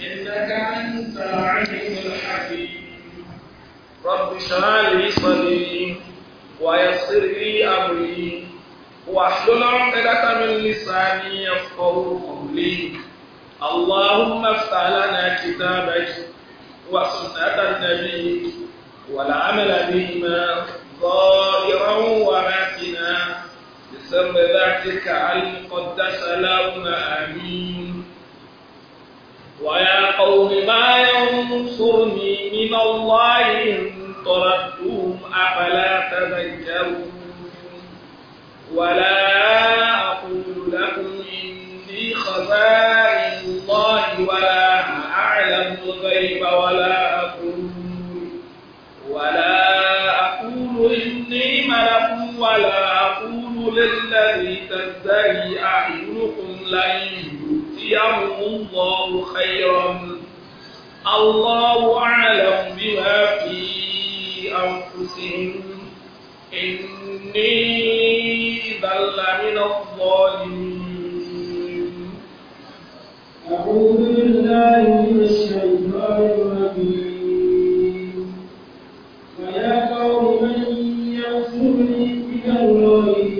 إنك أنت العليم الحكيم رب اشرح لي صدري ويسر لي أمري واحلل عقدة من لساني يفقه قولي اللهم افتح لنا كتابك وسنة النبي والعمل بهما ظاهرا وباطنا بسر ذاتك المقدس لهما آمين ويا قوم ما ينصرني من الله إن طردتهم أفلا تذكرون ولا أقول لكم إني خزائن الله ولا أعلم الغيب ولا أقول ولا أقول إني ملك ولا أقول للذي تزدري أعينكم لن يجزيهم الله خيرا الله أعلم بما في أنفسهم إني بل من الظالمين أعوذ بالله من الشيطان الرجيم ويا قوم من يغفرني من الله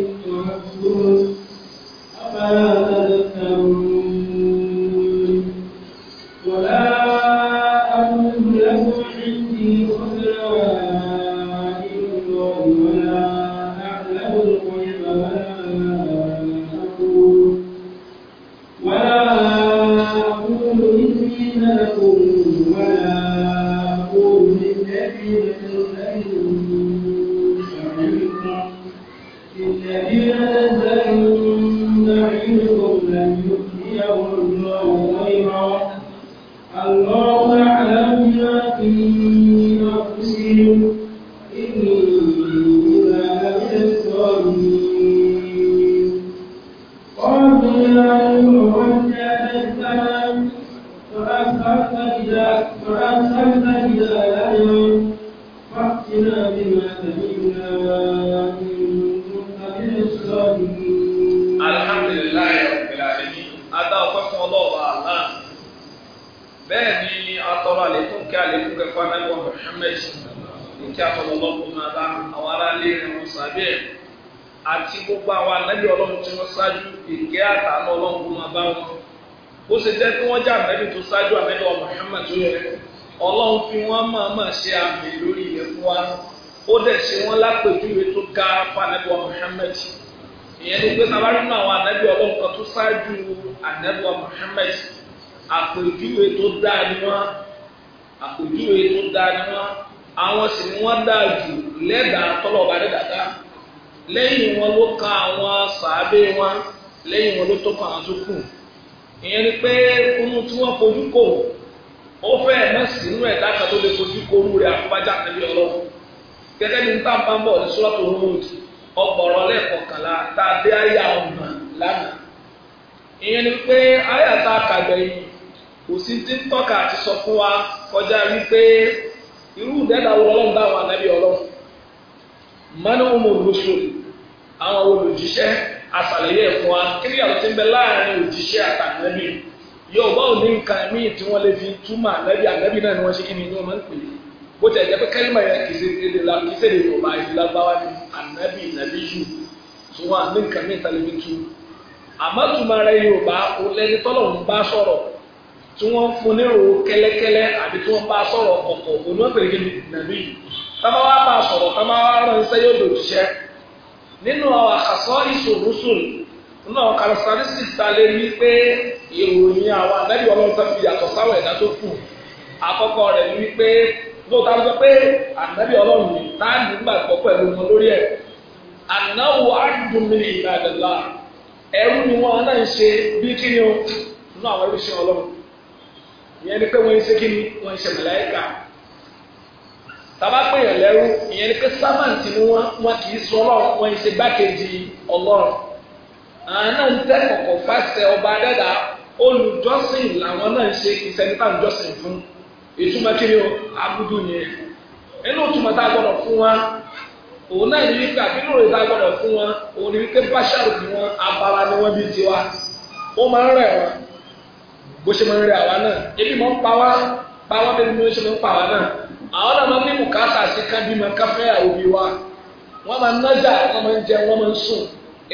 ọlọ́run fi wọ́n máa máa ṣe àmì lórí ilẹ̀ fún wa ó dẹ̀ ṣe wọ́n lápèjúwe tó ga fanabiwa Muhammad ìyẹn ni gbé bàbá àwọn ànábì ọlọ́run kan tó ṣáájú ànábìwa Muhammad àpèjúwe tó dáa ni wọ́n àpèjúwe tó dáa ni wọ́n àwọn sì ni wọ́n dáa wọn ló ka àwọn sàábé wọn lẹ́yìn wọn ló àwọn tó kù ìyẹn ni pé ó fẹ́ ẹ̀ inú ẹ̀dá kan tó lè fojú kóoru rẹ̀ àfọwájà níbi ọlọ́run bí nta bá ń bọ̀ ní sọ́tò hood ọgbọ̀rọ̀ lẹ́ẹ̀kọ̀kànlá tá a dé àyà ọ̀nà lánàá ìyẹn ni pé kọjá wípé irú ọlọ́run bá wà níbi ọmọ àwọn fún wa kí ni ti ń bẹ láàrin yorùbá ò ní nǹkan míì tí wọ́n lè fi túmọ̀ ànábì ànábì náà ni wọ́n ṣe kí ni ni wọ́n máa ń pè é bó tẹ̀ jẹ́ pé kẹ́límà yẹn kì í ṣe èdè la kì í ṣe èdè yorùbá èdè lágbáwá ni ànábì nàbí yù tí wọ́n ní nǹkan míì tá lè fi tú àmọ́ túmọ̀ rẹ yorùbá ó lẹ́ni tọ́lọ̀ ń bá sọ̀rọ̀ tí wọ́n fún nírò kẹ́lẹ́kẹ́lẹ́ àbí tí wọ́n bá sọ̀rọ̀ ọ̀pọ̀ òun wọ́n pè náà kàrìsàrísìs ta lè rí pé ìròyìn àwọn ànábì ọlọ́run tó fi yàtọ̀ sáwọn ẹ̀dá tó kù àkọ́kọ́ rẹ̀ ni wípé lóòótọ́ ló sọ pé ànábì ọlọ́run yìí tá a nígbà pọ̀ pẹ̀lú wọn lórí ẹ̀ ànáwó àdùnmí ìbàdàlá ẹrú ni wọn náà ń ṣe bí kí ni o nínú àwọn ẹrú ṣe ọlọ́run ìyẹn ni pé wọ́n ń ṣe kí ni wọ́n ń ṣe màláíkà tàbá ìyẹn ni pé sábàǹtì ni wọn kì í sọ ọlọ́run wọ́n ń àánú ń tẹ́ kọkọ fásitẹ̀ ọba adẹ́dà olùjọ́sìn làwọn náà ń ṣe fún ìtumọ̀ kí o agudu yẹn tá a fún wa òun náà ní wípé àbínú rẹ̀ tá fún wa òun ní wípé wọn abala ni wọn bí ó máa ń náà ebi máa ń pa wá pa wá ni ṣe máa ń pa náà àwọn náà máa ń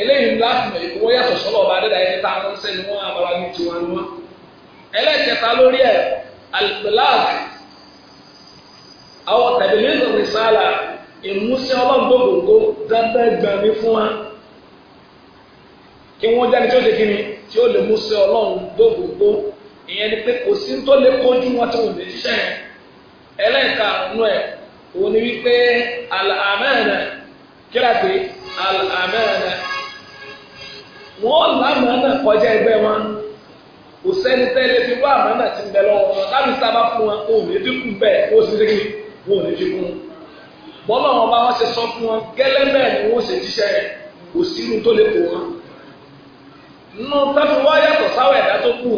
eléyìí láti mọ̀ ìgbówó yàtọ̀ sọ́lọ̀ ọba dídá ẹni tá a ń sẹ́ni wọn abala ní tiwọn ni wọn. ẹlẹ́kẹta lórí ẹ̀ alìpẹ̀láàgì àwọn tẹ̀lifíṣàn rìsálà ìmúsẹ́ ọlọ́gbọ̀gbọ̀gbọ̀ dandan gbàmí fún wa kí wọ́n jáde tí ó ṣe kí ni tí ó lè músẹ́ ọlọ́gbọ̀gbọ̀gbọ̀ ìyẹn ni pé kò sí tó lè kojú wọn tí wọn lè ṣiṣẹ́ yẹn ẹlẹ́ka nù ẹ̀ òun ni wípé alàmẹ́rẹ̀ kíláàpé alàmẹ́rẹ̀ wọ́n lánàá náà kọjá ẹgbẹ́ wọn kò sẹ́ni tẹ́lẹ̀ fi wá àmọ́ náà ti ń bẹ lọ́wọ́ wọn láti sábà fún wọn òun lè dínkù bẹ́ẹ̀ ó sì rí wọn ò lè dínkù bọ́lá wọn bá wọn ṣe sọ fún wọn gẹ́lẹ́ náà ni wọ́n ṣe jíṣẹ́ kò sínú tó lè kó wọn. nínú táfi wá yàtọ̀ sáwọ̀ ẹ̀dá tó kù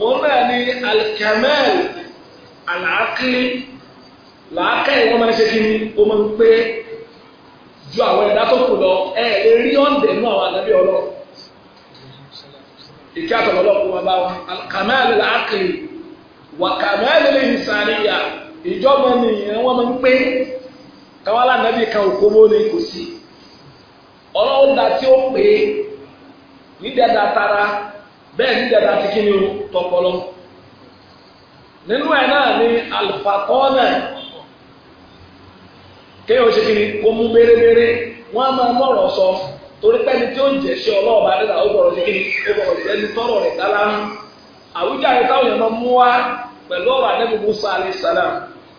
òun náà ni alikamel alaakiri làákàyè wọn máa ń ṣe kí ni ó máa ń pé ju àwọn ẹ̀dá tó kù lọ ẹ̀ẹ́dẹ́rì ọ̀ǹdẹ̀ nú àwọn àdábì ọlọ́run ìkí àtọ̀lọ́lọ́kùn wa bá wa kàmáàlì làákìlì wà kàmáàlì lè sàníyà ìjọba nìyẹn wọn máa ń pé káwọn alánàbì kan òkú mọ́ ní kò sí ọlọ́run dá tí ó pé ní tara bẹ́ẹ̀ ní dada kí ni o tọpọlọ nínú ẹ̀ náà ni alifakọ́nà kéèyàn ṣe kí ni kó mú bérebére wọ́n máa mọ̀rọ̀ sọ. So torí pẹ́ni tí ó jẹ́ sí ọlọ́run bá dẹ́ta ó bọ̀rọ̀ sí kíni ó bọ̀rọ̀ sí ẹni tọ́rọ̀ rẹ̀ dára ń àwùjáde táwọn yẹn máa mú wá pẹ̀lú ọ̀rọ̀ Ànábì Mùsá alayhi salam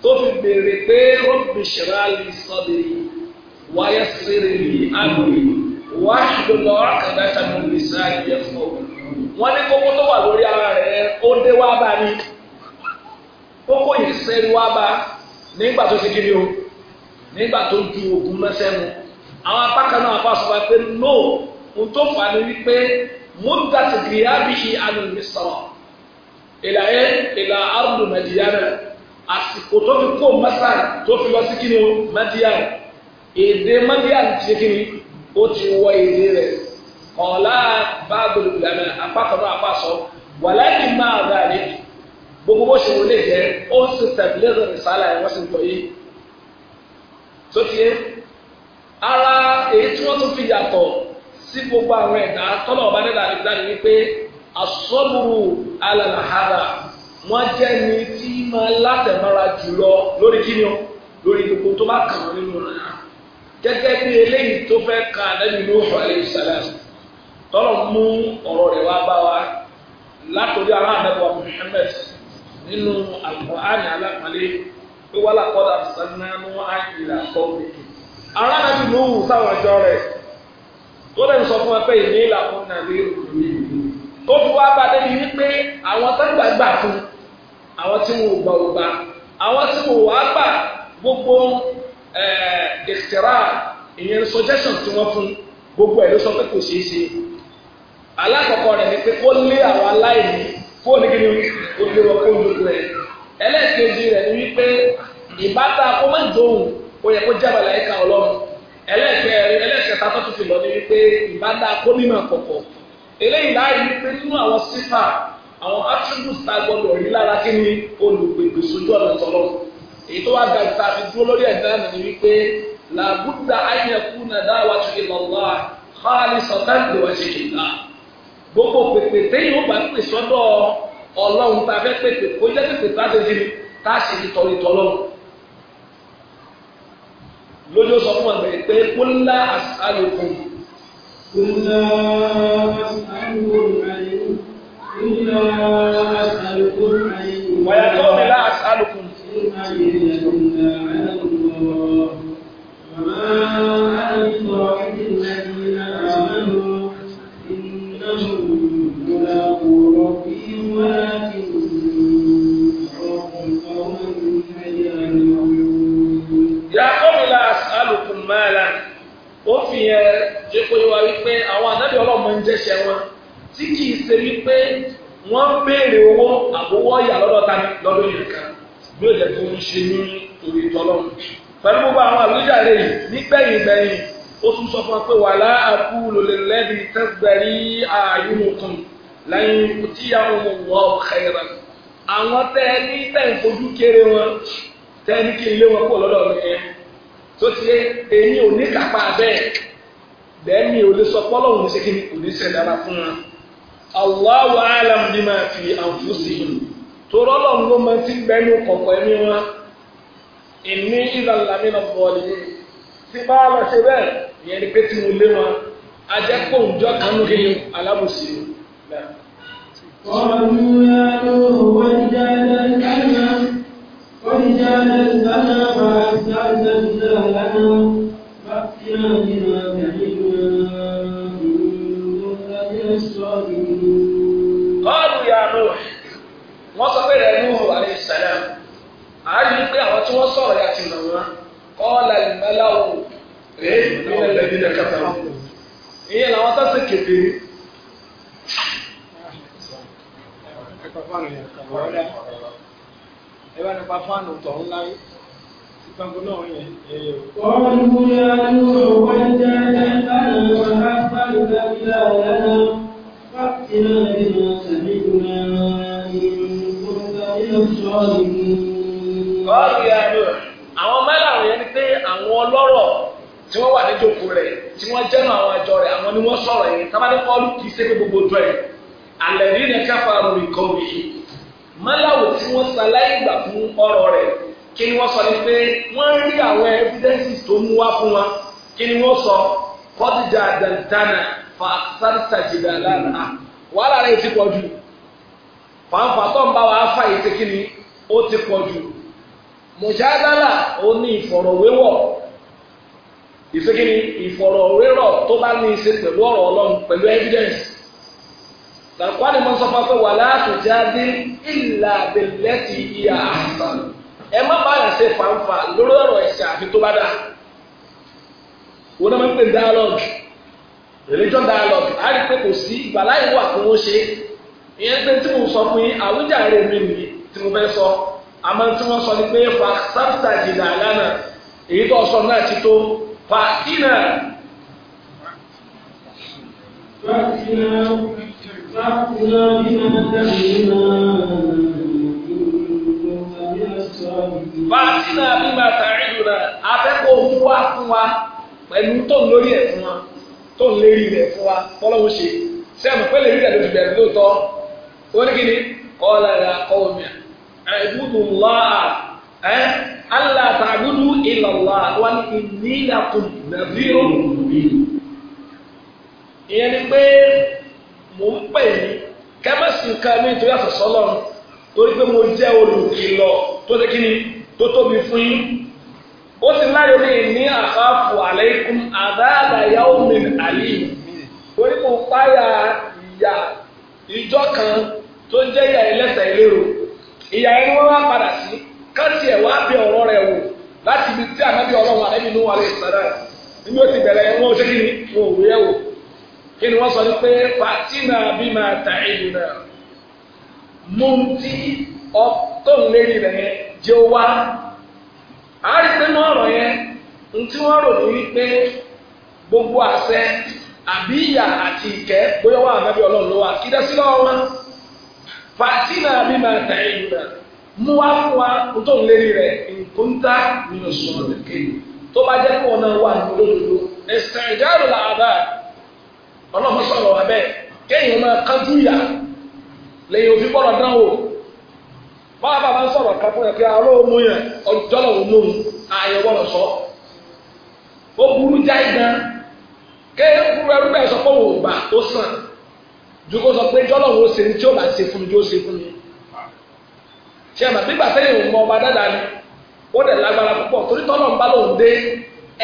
tó fi béèrè pé Rabbi shrah li sadri wa yassir li amri wahlul 'uqdatan min lisani yafqahu wọ́n ní kókó tó wà lórí ara rẹ̀ ó dé wá bá ní kókó yìí sẹ́ni wá bá nígbà tó ti kiri o nígbà tó ju ògùn mẹ́sẹ́nu àwọn apákan náà bá sọ pé no ohun tó fà ní wípé múdàtì gíyàbìhì alùmísọ̀rọ̀ ìlà ẹ ìlà ardu mẹdìyàna àsìkò tó fi kó mẹ́sà tó fi lọ sí kí ni o mẹdìyàna èdè mẹdìyàna ti kí ni ó ti wọ èdè rẹ ọ̀la báàbò lùlànà apákan náà bá sọ wàláàkì máa dà ní gbogbo bó ṣe wọlé jẹ ó sì tẹ̀lé rẹ̀ sálà ẹ̀ wọ́n sì ń tọ́ yìí tó ara èyí tí wọ́n tún fi yàtọ̀ sí gbogbo àwọn ẹ̀dá ọba nílà nígbà wípé jẹ́ ni tí máa látẹ̀mára jùlọ lórí kíni o lórí gbogbo tó bá kàn nínú rẹ̀ gẹ́gẹ́ bí eléyìí tó ka lẹ́nu ló ẹ̀yìn tọ́lọ̀ mú ọ̀rọ̀ rẹ̀ wá bá wa látòrí ara àdàbọ̀ nínú aráàlú ló wù sáwọn ọjọ́ rẹ̀ tó lè sọ fún ẹ pé ìní ìlà fún nàbí ó fi wá bá débi wípé àwọn tó ń gbàgbà fún àwọn tí wọn ò gbà ò gbà àwọn tí wọn ò wá gbà gbogbo ìṣẹ̀rà ìyẹn suggestion tí wọ́n fún gbogbo ẹ̀ ló sọ pé kò ṣeé ṣe alákọ̀ọ́kọ́ rẹ̀ ni pé kó lé àwọn aláìní kó ní kíni ó lé wọn kó lóko rẹ̀ ẹlẹ́ẹ̀kejì rẹ̀ ni wípé ìbátan kó má dóhùn ó yẹ kó jábà láyéka ọlọ́run ẹlẹ́ẹ̀kẹrin ẹlẹ́ẹ̀kẹta tó tún fi lọ ní wípé ìbádá kómìnà kọ̀kọ̀ eléyìí láàyè wípé nínú àwọn sífà àwọn attributes tá a gbọdọ̀ rí lára kí ni olùgbègbè sójú ọ̀nà tọ́lọ́ èyí tó wá ga ìta fi dúró lórí ẹ̀dá nì ní wípé làbúdà ayẹ̀kú nà dáwà tó ilẹ̀ ọ̀la xaali sọ̀tàn lè wá ṣe kìlá gbogbo pèpè téyìn ó bá pè sọ́dọ̀ ọlọ́run tá fẹ́ pèpè kó jẹ́ pèpè tá a ṣe kiri tá a ṣe ìtọ́lítọ́lọ́run lójú sọ fún àgbẹ̀ pé kó ńlá àlòkùn. kó ńlá àlòkùn ayé kó ńlá àlòkùn ayé. wàyà tó mi lá àlòkùn. ayé ìyàtọ̀ ńlá àlòkùn ọ̀rọ̀ màmá àlòkùn ọ̀rọ̀. wa wípé àwọn ànábì ọlọ́mọ ń jẹ́ṣẹ́ wọn tí kì í ṣe wípé wọ́n ń béèrè owó àbówọ́ yà lọ́dọ̀ ta lọ́dọ̀ yìí kan bí ó jẹ́ kó ń ṣe ní torí tọ́lọ́run pẹ̀lú gbogbo àwọn àwíjàre yìí nígbẹ̀yìn gbẹ̀yìn ó tún sọ fún wa pé wàhálà àkú lòlẹ́lẹ́bí tẹ́gbẹ̀rí àyùnùkùn lẹ́yìn tí àwọn ọmọ ọ̀kẹ́rẹ́ àwọn tẹ́ ẹ fojú kéré wọn tẹ́ kí ilé wọn kó lọ́dọ̀ mi yẹn tó ti yé èyí ò ní kápá bẹ́ẹ̀ bẹ́ẹ̀ mi ò lè sọ pọ́lọ́ òun ṣe kí ni kò ní sẹ̀dára fún wa Allahu alam bima fi anfusihim torọ́ lọ́n ló máa ti gbẹ́nu kọ̀ọ̀kọ̀ ẹ̀mí wọn ìní ìlànà bọ̀ọ̀lì tí bá lọ ṣe bẹ́ẹ̀ ìyẹn ni pé tí mo lé wọn ajẹ́pọ̀ òǹjọ́ kanú kí ni alábòsí náà. قالوا يا نوح قد جادلتنا قد جادلتنا فأستأذنت لنا فأتنا tí wọ́n sọ̀rọ̀ yà ti nà wọ́n kọ́ọ̀lá ìmẹ́láwò rèé nínú ẹ̀lẹ́dí ní ẹ̀ka tàwọn. ìyẹn làwọn tó ti kéde. ẹ bá nípa fáànù tọ̀hún láyé jẹ́ ẹ̀ka lọ́wọ́ afárúgbà bí i àyà náà tí wọ́n wà ní rẹ̀ tí wọ́n jẹ́nu àwọn àjọ rẹ̀ àwọn ni wọ́n sọ̀rọ̀ yẹn tábàdé pọ́ọ̀lù kì í gbogbo dọ̀ ẹ̀ alẹ́ rí ni káfa rúbi kọ́ wí mọ́láwò tí wọ́n gbà fún ọ̀rọ̀ rẹ̀ kí ni wọ́n sọ ni pé wọ́n rí àwọn tó mú wa kí ni wọ́n sọ kọ́tìjà dantana fa lánàá wàhálà rẹ̀ ti pọ̀ jù ìsekiri ìfọ̀rọ̀wérọ̀ tó bá ní í ṣe pẹ̀lú ọ̀rọ̀ ọlọ́run pẹ̀lú evidence làkúwádìí mọ́ sọ́fà pé wà látòjá dé ìlà abẹ́lẹ́tì ìyá àṣà ẹ má bá yàn ṣe fàǹfà lórí ọ̀rọ̀ ẹ̀ṣẹ̀ àfi tó bá dà wọn náà máa ń pè ní dialogue religion dialogue á rí i pé kò sí ìgbàláyè wà fún wọn ṣe ìyẹn pé tí mo sọ fún yín àwíjàre mi nìyí tí mo fẹ́ sọ àmọ́ tí wọ́n sọ ni pé fa sábìtà jìnnà فأتنا فأتنا فأتنا بما تعدنا فأتنا بما تعدنا afẹ́kọ̀ọ́ òun wá fún wa pẹ̀lú tó ń lórí ẹ̀ fún wa tó ń lérí rẹ̀ fún wa tọ́lọ́wọ́ ṣe sẹ́mu pé lè rí rẹ̀ lójú bẹ̀rẹ̀ lóòótọ́ ó ní kí ni Eh? Allah ta'budu illallah wa inni lakum nadhirun mubin. ìyẹn ni pé mò ń pè ní kẹ́mẹ́sì kan ní nítorí àṣàṣọ́ lọ́run torí pé mo jẹ́ olùkìlọ̀ tó ṣe kí ni tó tóbi fún yín. ó sì láyò ní ìní àkàfù alaykum adhaba yawmin alim. torí mo páyà ìyà ìjọ kan tó jẹ́ ìyà ẹlẹ́sẹ̀ ìlérò. ìyà ẹni wọ́n wá padà sí. káàtì ẹ̀ wá bẹ ọ̀rọ̀ rẹ̀ wò láti ibi tí ànábì ọlọ́run wà lè sọ̀rọ̀ ẹ̀ n'ime ti bẹ̀rẹ̀ wọn ò ṣe kí ni wọn ò wúyẹ̀ wò kí ni sọ ní pé fatina bí máa ta ìlú náà mú a rí pé yẹn n tí rò ní gbogbo àṣẹ àbí ìyà mú wá fún wa kó tó ń lérí rẹ̀ nkúntà nínú sọ̀rọ̀ lẹ́kẹ́ tó bá jẹ́ kó wọn náà wà ní olódodo ẹ̀sìn ìjáàrò làbá ọlọ́mọ sọ̀rọ̀ wa bẹ́ẹ̀ kéèyàn máa kájú ìyá lẹ́yìn òfin bọ́ọ̀lù náà wò bá a bá bá sọ̀rọ̀ ká fún yẹn pé àwọn ọmọ yẹn ọjọ́ lọ́wọ́ mú un àyẹ̀wò lọ sọ ó burú jáì gan kéèyàn burú ẹrú bẹ́ẹ̀ sọ pé òun gbà ó sàn ju sọ pé jọ́lọ́wọ́ ó ṣe ní tí ó bá ṣe fún mi tí ó ṣe fún mi ṣe àmà pé gbàtẹ́ yìí mọ ọba dáadáa ni ó dẹ̀ lágbára púpọ̀ torí tọ́lọ̀ ń bá lòun dé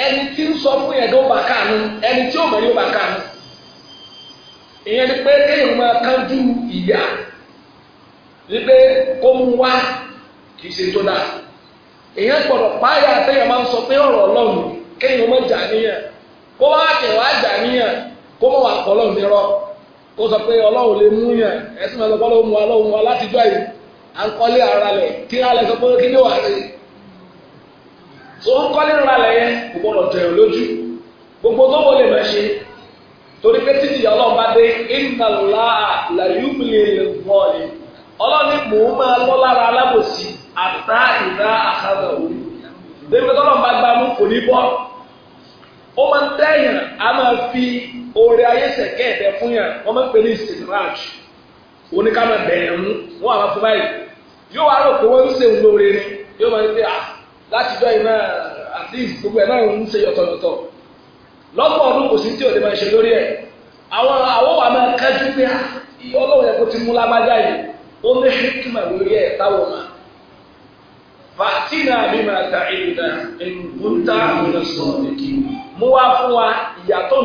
ẹni tí ń sọ fún yẹn ló bá káànú ẹni tí ó mọ̀ yóò bá káànú ìyẹn ni pé kéèyàn máa kánjú ìyá wípé kó mú wá kì í ṣe tó dáa èèyàn gbọ́dọ̀ páyà téèyàn máa ń sọ pé ọ̀rọ̀ ọlọ́run kéèyàn má jà níyàn kó wá kẹwà jà níyàn kó mọ̀ wà pọ̀ ọlọ́run nírọ́ kó sọ pé ọlọ́run lè mú yàn ẹ̀sìn mẹ́ta ọlọ́run mu wa láti jọ yìí à ń kọ́lé ara lẹ̀ kí ara lẹ̀ sọ pé kí ni wà á rè so ń kọ́lé ara lẹ̀ yẹn kò gbọ́dọ̀ tẹ̀yàn lójú gbogbo tó wọlé máa ṣe torí pé títí ìyá ọlọ́run bá dé ìnàlá làyúmìlì lẹ́gbọ́ọ̀lì ọlọ́run mò ń máa lọ́ lára alábòsí àtà ìdá àkàrà òru débi tó lọ́run bá gbá mú kò ní bọ́ ó máa ń tẹ̀yàn á máa fi oore ayé sẹ̀kẹ́ ẹ̀dẹ̀ fún yàn wọ́n máa ń pè ní ìsìnraj oníkàmọ̀ bẹ̀rẹ̀ wọ́n àwọn fún báyìí. yóò wá rò pé wọ́n ń ṣe ń lóore ni yóò máa ń pè á láti dọ́ iná at gbogbo ẹ̀ náà ń ṣe yọ̀tọ̀yọ̀tọ̀ lọ́pọ̀ ọdún kò sí tí òde máa ṣe lórí ẹ̀ àwọn máa kájú pé ẹ̀kọ́ ti mú lágbájá yìí ó ní hikima lórí ẹ̀ táwọn máa fàtínà bí máa ta sọ̀rọ̀ mú wá fún wa ìyàtọ̀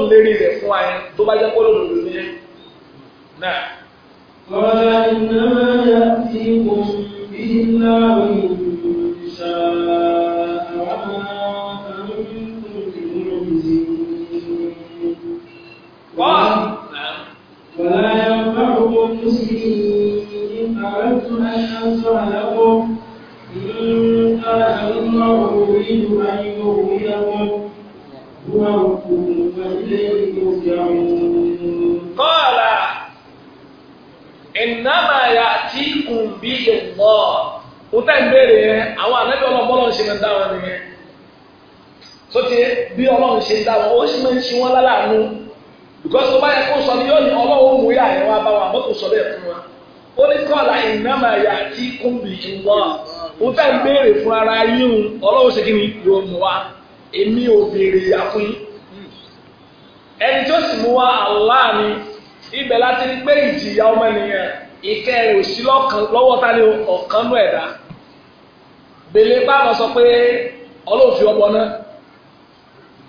ń إلا من شاء ولا ينفعكم مسلمين أردت أن أنصح لكم إن أنا الله أريد أن يغويكم هو قال ìnáma ya tí kùn bí ìlọ wọ́n tẹ̀ ń béèrè yẹn àwọn ànábì ọlọ́mọbọ́lọ́ ń ṣe máa ń dá wọn nìyẹn tó ti bí ọlọ́run ṣe ń dá wọn ó sì máa ń ṣe wọn lálàánú because ọba yẹn kó sọ ni yóò ní ọlọ́run mú yà yẹn wá bá wa mọ́tò sọ bẹ́ẹ̀ fún wa ó ní kọ́ọ̀lá ìnáma ya tí kùn bí ìlọ wọ́n tẹ̀ fún ara yín ọlọ́run ṣe kí ni yóò mú wa èmi ò béèrè yà fún yín ẹni tó sì mú wa Allah ni ibẹ̀ láti rí pé ìjìyà ọmọ ènìyàn ìkẹ́ rẹ̀ ò sí lọ́wọ́ ta ni ọ̀kan nú ẹ̀dá gbèlè báwọn sọ pé ọlọ́run fi ọbọ náà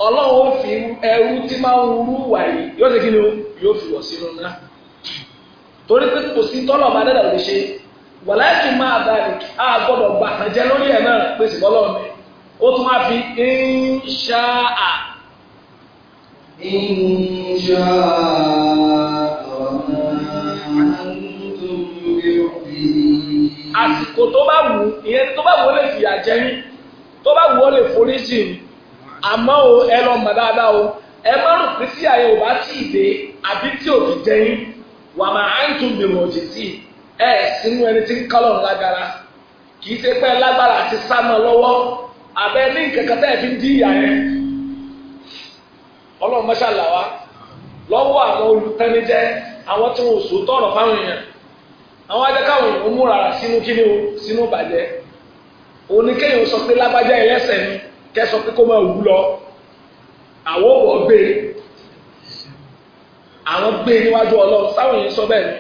ọlọ́run fi ẹrú tí máa ń rú wà yìí yóò ṣe kí ni yóò fi wọ̀ sínú náà torí pé kò sí tọ́lọ̀ ọba dẹ́dà lè ṣe wàláìkì máa bá a gbọ́dọ̀ gbà kan jẹ́ lórí ẹ̀ náà pèsè bọ́lọ́run mi ó tún wá fi ń ṣáà. ń ṣáà. àsìkò tó bá wù ìyẹn tó bá wù ó lè fìyà jẹ yín tó bá wù ó lè forí jì yín àmọ́ o ẹ lọ mọ̀ dáadáa o ẹ má rò pé tí àyè ò bá tì í dé àbí tí ò fi jẹ yín wà má á ń tún bèrò òjì sí ẹ sínú ẹni tí ń kálọ̀ lágara kì í ṣe pé lágbára àti sámọ lọ́wọ́ àbẹ ní nkankan tẹ́ ẹ fi ń dí ìyá yẹn ọlọ́run mọ́ṣáláwá lọ́wọ́ àwọn olùtẹ́nijẹ́ àwọn tí wọn ò sòótọ́ ọ̀rọ̀ fáwọn èèyàn àwọn adẹ́káwọn èèyàn múra sínú kíni o sínú bàjẹ́ òun ni kéèyàn sọ pé lágbájá ẹlẹ́sẹ̀ ni kẹ́ sọ pé kó máa wù lọ àwọn òwò gbé àwọn gbé níwájú ọlọ́run sáwọn èèyàn sọ bẹ́ẹ̀ ni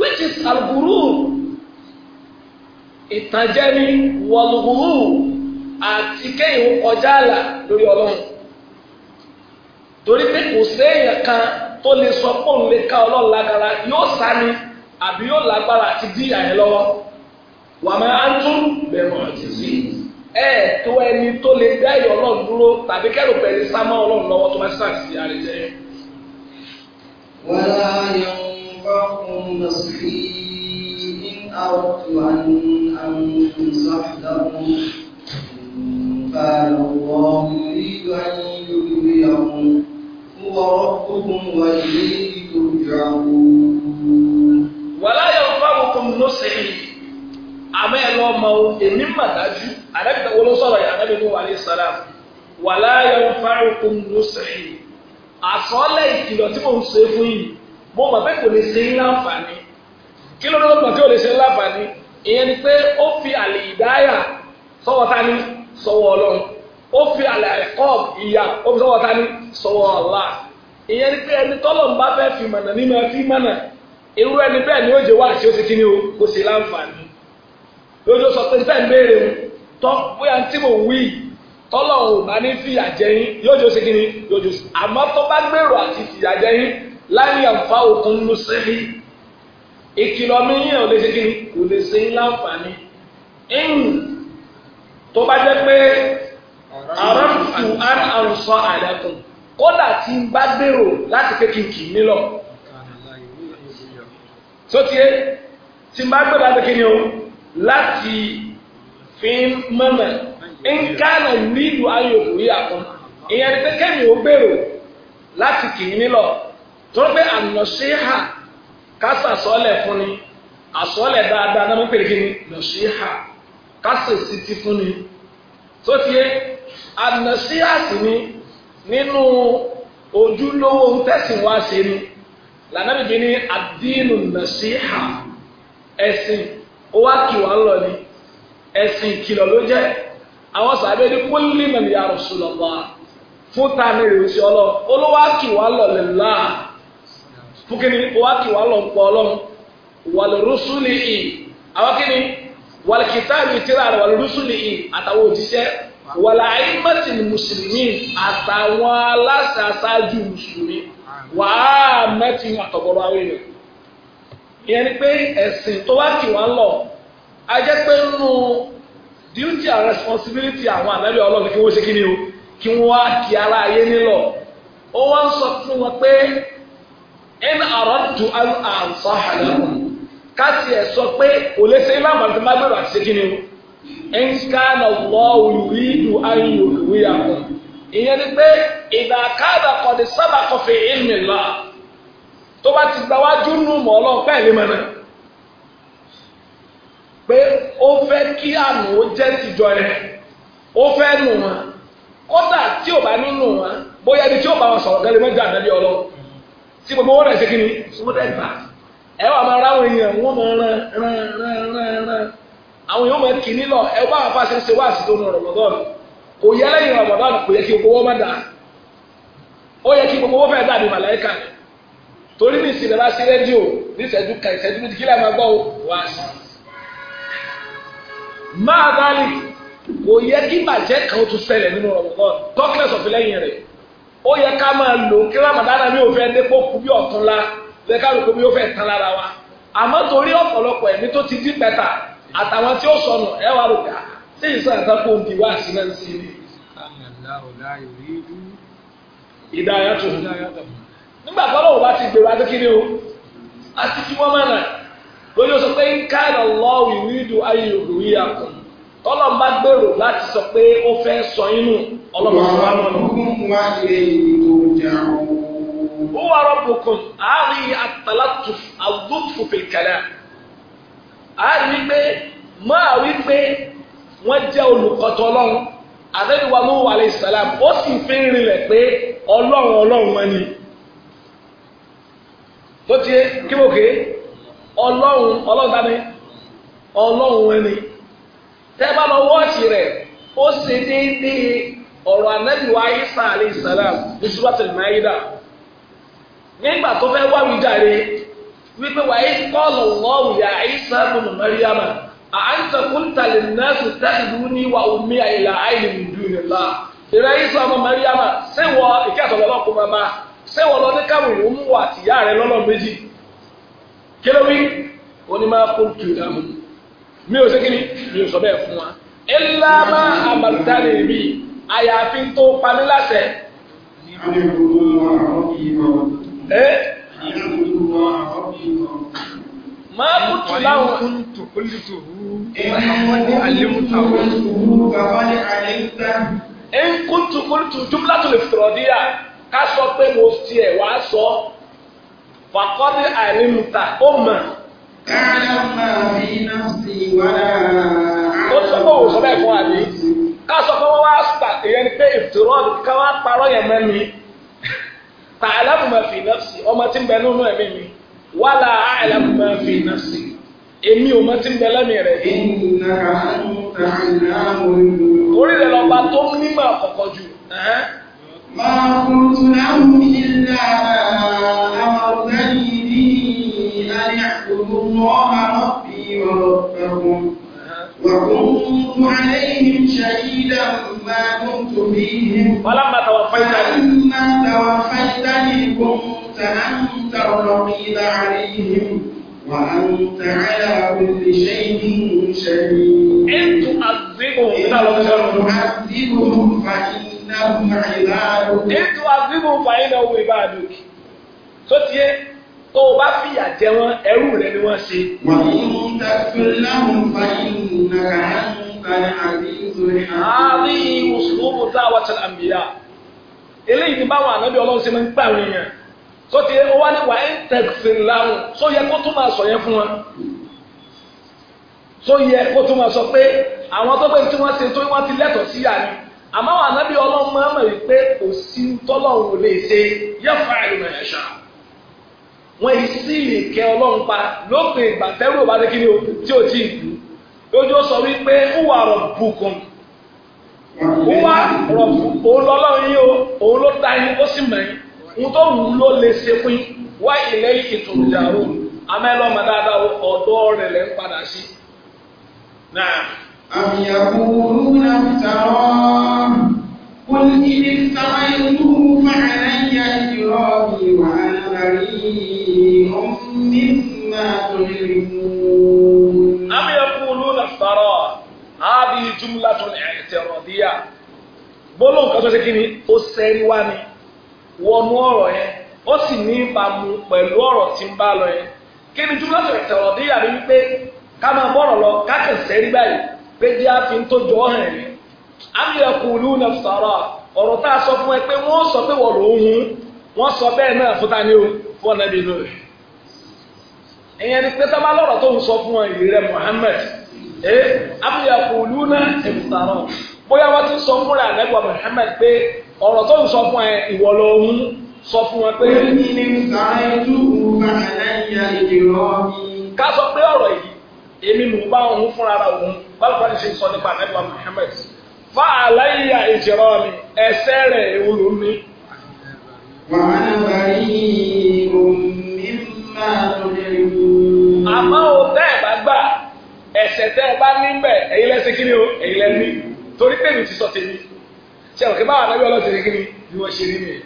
which is aluguru ìtànjẹ́ ni wọlùgùrù àti kéèyàn kọjá àlà lórí ọlọ́run torí pé kò séèyàn kan tó lè sọ pé òun lè ká ọlọ́run lágara yóò sá ni àbí yóò lágbára àti dí àyẹ̀ lọ́wọ́ wàmẹ́ àtún bẹ̀rù àti sí ẹ tó ẹni tó lè dá ìyọ̀ ọlọ́run dúró tàbí kẹ́rù pẹ̀lú sámọ́ ọlọ́run lọ́wọ́ tó bá sí àti sí àrẹ jẹ́. wàlá yẹn fọ́kùn lọ sí in out one and zahdahu قال الله يريد أن يبليهم وربكم وإليه ترجعون ولا ينفعكم نصحي àmọ́ ẹ lọ́ọ́ mọ o èmi mà dájú ànábì tó wọlé sọ̀rọ̀ yìí ànábì tó wàlé sàlám wàlá yanfa'ukum nusihi àsọ̀ọ́lẹ̀ ìkìlọ̀ tí mò ń ṣe fún yìí mo mọ̀ pé kò lè ṣe ń láǹfààní kí ló lọ́dọ̀ tí ò lè ṣe ń láǹfààní ìyẹn ni pé ó fi àlè ìdáyà sọ́wọ́ tani sọ́wọ́ ọlọ́run ó fi àlẹ́ ẹ̀kọ́ ìyá ó fi sọ́wọ́ tani sọ́wọ́ Allah ìyẹn ni pé ẹni tọ́lọ̀ ń bá fẹ́ fi mọ̀nà ní máa fi mọ̀nà irú ẹni bẹ́ẹ̀ ni ó jẹ́ wá àti ó sì kí ni o kò sí láǹfààní lójú sọ pé bẹ́ẹ̀ ń béèrè o tọ́ bóyá tí mo wí tọ́lọ̀ ò bá ní fi àjẹ yín yóò jọ sí kí ni yóò jọ sí àmọ́ tó bá gbèrò àti fìyà jẹ yín láyé àǹfà òkun ló sẹ́yìn ìkìlọ̀ mi yín ò lè ṣe kí ni kò lè ṣe yín láǹfààní. tó bá jẹ́ pé àrọ́tù án àrùsọ àlẹ́kùn kódà tí ń bá gbèrò láti pé kí n kì í nílọ. tó tiẹ́ tí ń bá gbèrò láti kí ni o láti fi mọ̀nà nkánà nílùú ayọ̀kùnrin àkùn ìyẹn ni pé kẹ́mi ò gbèrò láti kì í nílọ tó ń pé ànàṣíhà kásà sọ́ọ̀lẹ̀ fún ni àsọ́ọ̀lẹ̀ dáadáa náà mọ̀ pé kí ni nàṣíhà kásà sí ti fún ni tó tiẹ́. ànàsíhàtì ni nínú ojúlówó tẹ̀sìn wá ṣe ni ní àdínù ẹ̀sìn wá kì wá lọ ni ẹ̀sìn ìkìlọ̀ ló jẹ́ àwọn sàbẹ̀ ní kúlì mẹ́lì ya Rasulullah fún ta ìrìnsì ọlọ́ olówó lọ lẹ́la fún kí ni ó lọ ń pọ̀ ọlọ́run wàlúrúsùlì ì àwọn kí ni ì àtàwọn òjíṣẹ́ wàlà àyímọ̀tì mùsùlùmí àtàwọn aláṣẹ aṣáájú mùsùlùmí wàá mẹ́tì àtọ̀gbọ̀rọ̀ àwọn èèyàn ìyẹn ni pé ẹ̀sìn tó wá kì wọ́n lọ a jẹ́ pé nínú duty and responsibility àwọn ànábì ọlọ́run kí wọ́n ṣe kí ni o kí wọ́n wá kí ara ayé nílọ ó wá ń sọ fún wọn pé in aradtu an ansaha lakum ká tiẹ̀ sọ pé kò lè ṣe ilé àmàlùfẹ́ àti ṣe kí ni o. in kana Allahu yuridu an yulwiyakum ìyẹn ni pé ìgbà káàdà kọ̀dí sábà kọfí ilmillah tó bá ti gbà wájú nù mọ́ ọlọ́run pẹ́ẹ́lí mọ́nà pé ó fẹ́ kí àná ó jẹ́ tìjọ rẹ̀ ó fẹ́ nù wọn kódà tí ò bá nínú wọn bóyá ẹni tí bá wọn sọ̀rọ̀ gẹ́lẹ́ mẹ́jọ tí gbogbo wọn rẹ̀ ṣe kí ni bá wà máa ráwọn èèyàn àwọn èèyàn máa kì í nílọ ẹ bá àpá ṣe ń ṣe wá àsìkò nù rọmọdọ́nù kò yẹ lẹ́yìn rọmọdọ́nù kò yẹ kí gbogbo wọn má dà ó yẹ kí gbogbo wọn fẹ́ dàbí màláìka torí ní ìsìn lọ́la sí rédíò ní ìṣẹ́jú kan ìṣẹ́jú méjì kí lè máa gbọ́ wá sí i máa bá lè kò yẹ kí bàjẹ́ kan ó tún ṣẹlẹ̀ nínú rọmọdọ́nù dọ́kítẹ́sì ọ̀fìn lẹ́yìn rẹ̀ àtàwọn tí ó sọnù ẹ wà lóko ah, ṣé ìsàn àtàkùn òǹdí wá sí náà ń sí ni. ìdáyà tó ń nígbà tó lọ́wọ́ bá ti gbèrò adékiri o àti fi wọ́n mọ̀nà lórí o sọ pé ń ká ìlọ lọ ìwídùú ayé òwúrí àkùn tọ́lọ̀ ń bá gbèrò láti sọ pé ó fẹ́ sọ inú ọlọ́pàá sọ ó wà rọ́pò kan àárín àtàlátù àdúgbò fìlkàlà a rí wípé máa wípé wọ́n jẹ́ olùkọ́tọ̀ ọlọ́run àtẹ́bíwá ló wà lè sàlám ó sì fi ń rinlẹ̀ pé ọlọ́run ọlọ́run wọn ni tó ti kí mo ké ọlọ́run ọlọ́run dání ọlọ́run wọn ni tẹ́ bá lọ wọ́ọ̀sì rẹ̀ ó ṣe déédéé ọ̀rọ̀ ànábìwá Isa alayhi salam ní suratul Maida nígbà tó fẹ́ wá wíjà rẹ̀. wípé wàá lọ́wù yà àìsà bùnú à ń ní wa omi àyìnlá àyìnlá ìdú nìlá ìrẹ́ àìsà ọmọ mẹ́ríàmà ṣéwọ ìkẹ́sọ̀rọ̀ ọlọ́kùn bàbá ṣéwọ lọ ní káwọn ìlú wà tìyá rẹ lọ́nà méjì kílówí onímọ̀ kóńtù ìdààmú mi ò sékìní mi ò sọ bẹ́ẹ̀ fún wa ilá má máa kú tù láwọn. ìwọ ni kúlù tù hù. ìwọ ni alimu tà hù. bàbá ni alimu tà. ń kú tù kúlù tù jumla tó lè fọ̀rọ̀ díyà ká sọ pé mo tiẹ̀ wá sọ fàkọ́dé alimu tà ó mọ̀. káyọ̀ máa fi iná sí ìwádà. ó sọ pé òun sọ bẹ́ẹ̀ fún àbí ká sọ pé wọ́n wá sùpà ìyẹn ni pé ìfìrọ́ọ̀dù ká wá parọ́ yẹn mẹ́ni tààlà mọ̀ fi iná sí ọmọ tí ń bẹ wàlà àìlàmù máa fi iná sí èmi ò mọ tí ń bẹ lẹ́mìí rẹ̀. orí rẹ̀ lọ́ba tó ń nímọ̀ àkọ́kọ́ jù. máa kún tún láwùn ilé àwọn ọ̀gá yìí ní alẹ́ àkókò wọn àwọn fi ọ̀rọ̀ ẹ̀kún. وكنت عليهم شهيدا ما كنت فيهم فلما توفيتني فلما توفيتني كنت كنت أنت الرقيب عليهم وأنت على كل شيء شهيد إن تعذبهم فإنهم عبادك إن تعذبهم فإنهم عبادك sotie tó o bá fìyà jẹ wọn ẹrú rẹ ni wọn ṣe. wàyí tẹsílámù fàyín nàrà ńlá àdìsọ ní. àárín mùsùlùmù tá a wá ṣe àmì yá eléyìí ti báwọn ànábì ọlọ́run ṣe máa ń gbà wọ́n tó ti ó wá ní wà ẹ́ tẹ̀sí làwọn só yẹ kó tún máa sọ yẹn fún wọn só yẹ kó tún máa sọ pé àwọn tó pé tí wọ́n ṣe tó wọ́n ti lẹ́tọ̀ọ́ sí yàrá àmọ́ àwọn anábì ọlọ́run máa mọ̀ pé kò sí tọ́lọ́run ò lè ṣe yẹ́fà ìrìnà ẹ̀ṣà wọn yìí sí lè kẹ ọlọ́run pa lópin ìgbà tẹ́rù ò bá dé kíni tí ò tí ì kú lójú ó sọ wípé wúwà rọ̀ bùkún wúwà rọ̀ bùkún òun lọ́lọ́run yìí o òun ló dá yín ó sì mọ̀ yín ń tó wù ló lè ṣe pín wá ilẹ̀ ìtòjà rò amẹ́lọ́mọ dáadáa ọ̀dọ́ rẹ̀ lẹ́ ń padà sí. أم يقولون افتراه قل إن افتريته فعلي إجرامي وأنا بريء مما تجرمون أم يقولون افتراه هذه جملة اعتراضية gbólóhùn kan tó ṣe kí ni ó sẹ́rí ni wọnú ọrọ yẹn ó sì ní ìbámu pẹ̀lú ọ̀rọ̀ tí ń bá lọ yẹn kí ni sọ̀rọ̀ tẹ̀rọ̀ ni wípé ká máa bọ̀rọ̀ lọ kákẹ̀sẹ̀ rí báyìí pé jẹ́ àfi tó jọ ọ́ hàn yẹn àmì ẹ̀kú ìlú ọrụ ọ̀rọ̀ tá a sọ fún ẹ pé wọ́n sọ pé wọ́n lò wọ́n sọ bẹ́ẹ̀ náà o fún ọ̀nà lò ẹ̀yẹn ni pé lọ́rọ̀ ọ̀rọ̀ tó ń sọ fún ẹ ìwọ ló mú sọ fún wọn pé. èmi ni sàájú ìgbà àlàyé ìdìrọ̀ mi. ká sọ pé ọ̀rọ̀ yìí èmi mò bá òun fúnra òun bálùbá ní ṣe sọ nípa nípa Muhammad fa àlàyé ìdìrọ̀ mi ẹsẹ̀ rẹ̀ èwo ló ní. wàhálà bàrí omi máa tó lè wú. àmọ́ o tẹ́ ẹ̀ bá gbà ẹ̀sẹ̀ tẹ́ bá ní bẹ̀ èyí lẹ́sẹ̀ kí ni o èyí lẹ́ni torí pé mi ti sọ tèmi ṣe òkè báwa anábì ọlọ́run ti rí kíni bí wọ́n ṣe rí nìyẹn.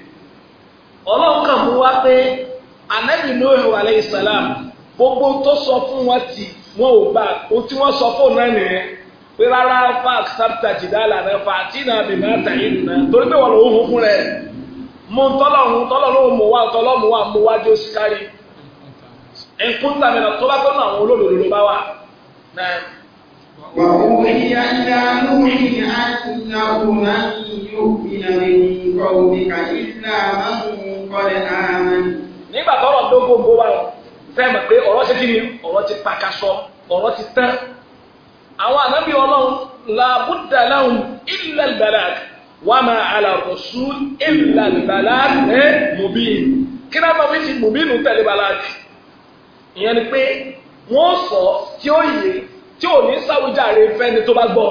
ọlọ́run kàn mú wá pé anábì Nuhu alayhi salam gbogbo tó sọ fún wọn ti wọn ò gbà ohun tí wọ́n sọ fún náà nìyẹn pé rárá fa sábà jìdálà náà fa àti náà bèbè àtàyè nìyẹn torí pé wọn lòun fún rẹ mú tọ́lọ́run tọ́lọ́run mú wá tọ́lọ́run wá mú wájú síkárì ẹ̀kún tàbí náà tó bá tọ́nà àwọn olódodo ló bá wà. Wàhùn ìyá ìyá lóhùn ìyá ìyá òun náà. يؤمن من قومك من قد آمن nígbà tọrọ tó gbogbo wa sẹ́mi pé ọ̀rọ̀ ṣe kí ni ọ̀rọ̀ ti pakasọ ọ̀rọ̀ ti tán àwọn ànábì ọlọ́run làbúdà láhùn ilẹ̀ ìbàdàn wà máa àlàrọ̀sù ilẹ̀ ìbàdàn ẹ̀ mùbíìn kí náà máa fi ti mùbíìn tẹ̀lé ìyẹn ni pé wọ́n sọ tí ó yẹ tí ò ní sáwùjáre fẹ́ni tó bá gbọ́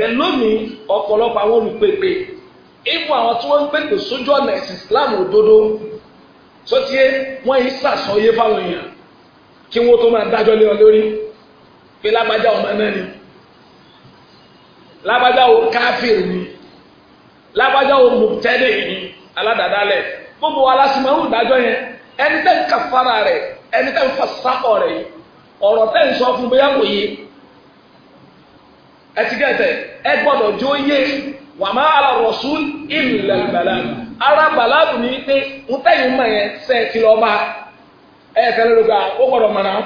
bẹ́ẹ̀ lónìí ọ̀pọ̀lọpọ̀ àwọn olùpèpè ipò àwọn tí wọ́n ń pèpè sójú ọ̀nà ẹ̀sìn Islam òdodo sótíé wọ́n yìí sàsọyé fáwọn èèyàn kí wọ́n tó máa dájọ́ lé ọ lórí pé lágbájá ọmọ náà ni lágbájá o káfíìn ni lágbájá o mùtẹ́lẹ̀ ni aládàdálẹ̀ gbogbo wa lásìmọ̀ ń dájọ́ yẹn ẹni tẹ́ ń kàfàrà rẹ̀ ẹni tẹ́ ń fa sákọ̀ rẹ̀ ọ̀rọ̀ tẹ́ ń sọ fún bóyá kò yé ẹtìgẹ́tẹ̀ ẹ gbọ́dọ̀ jó yé wà má ala rasul illa al ní pé ń tẹ̀yìn mọ̀ yẹn sẹ́ ẹ ti lọ bá ẹ ẹ̀sẹ̀ ó gbọ́dọ̀ mọ̀ náà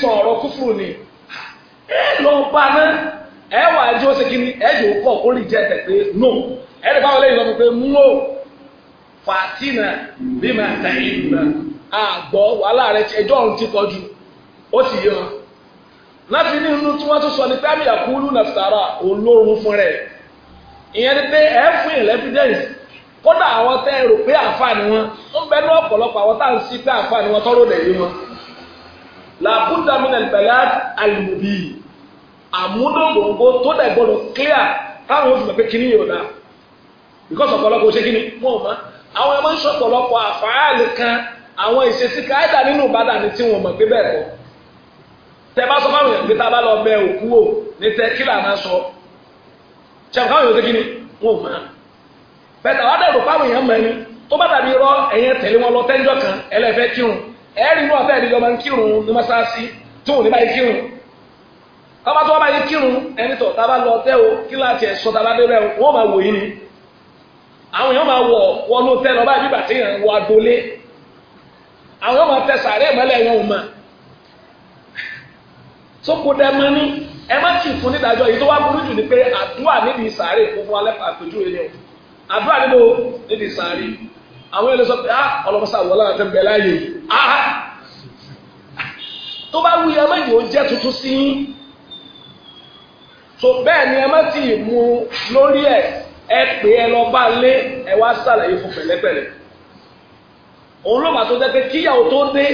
sọ ọ̀rọ̀ kúfùrù ni ẹ lọ bá náà ẹ wà á no ẹ lè bá wọlé ìlọ́mọ pé mú o bí tẹ̀yìn mọ̀ àgbọ̀ wàhálà rẹ láti ní inú tí wọ́n tún sọ ní tábì àkúlù nà sàrà olórun fún rẹ̀ ìyẹn ni pé ẹ fún ìlẹ̀ evidence kódà àwọn tẹ́ ẹ rò pé àǹfààní wọn ń bẹ ní ọ̀pọ̀lọpọ̀ àwọn tá à ń sí pé àǹfààní wọn tọ́rọ̀ lẹ́yìn wọn. làbúdà minal balad àlùbí àmúdògbòǹgbò tó dẹ̀ gbọdọ̀ clear táwọn òfin pé kíní yóò dáa because ọ̀pọ̀lọpọ̀ ṣé kíní mọ̀ ọ́ àwọn ẹ̀ máa ń ṣọ̀pọ̀lọpọ̀ àfààní kan àwọn ìṣesí káyọ̀dà nínú Ìbàdàn ni tí wọ́n mọ̀ pé bẹ́ẹ̀ kọ́ tẹ bá sọ fáwọn èèyàn pé tá a bá lọ bẹ òkú wò ní tẹ kí làná sọ ṣàwọn káwọn èèyàn ṣe kí ni wọn ò mọ bẹtà wà dẹrù fáwọn èèyàn mọ ẹni tó bá dàbí rọ ẹyẹ tẹlé wọn lọ tẹjọ kan ẹlẹfẹ kírun ẹẹrí inú ọfẹ ìdíjọ máa ń kírun ní mọ́ṣáláṣí tí wọn ò ní báyìí kírun tọ́ba tó wá báyìí kírun ẹni tọ̀ tá a bá lọ tẹ́ o kí láti ẹ̀ sọ tá a bá dé bẹ́ẹ̀ wọ́n máa wò yín ni àwọn èèyàn máa wọ̀ wọnú tẹ́ lọ báyìí bíbà tí èèyàn wọ agbolé àwọn èèyàn máa tẹ sàárẹ̀ mọ́lẹ̀ yẹn ò sóko dẹ mọ ní ẹ má tì fún nídàájọ́ èyí tó wá burú jù ni pé àdúrà níbi ìsàárè kó fún alẹ́ àpèjú ilé o àdúrà nínú níbi ìsàárè àwọn ẹlẹ́sọ pé ah ọlọ́mọsá wọlé àti bẹ̀ láàyè ah, ah tó bá wú yẹn méjì ó jẹ́ tuntun sí i tó bẹ́ẹ̀ ni ẹ má tì mú lórí ẹ̀ ẹ pè é lọ bá lé ẹ wá sàlàyé fún pẹ̀lẹ́pẹ̀lẹ́ òun ló bá tó dẹ́ pé kíyàwó tó dé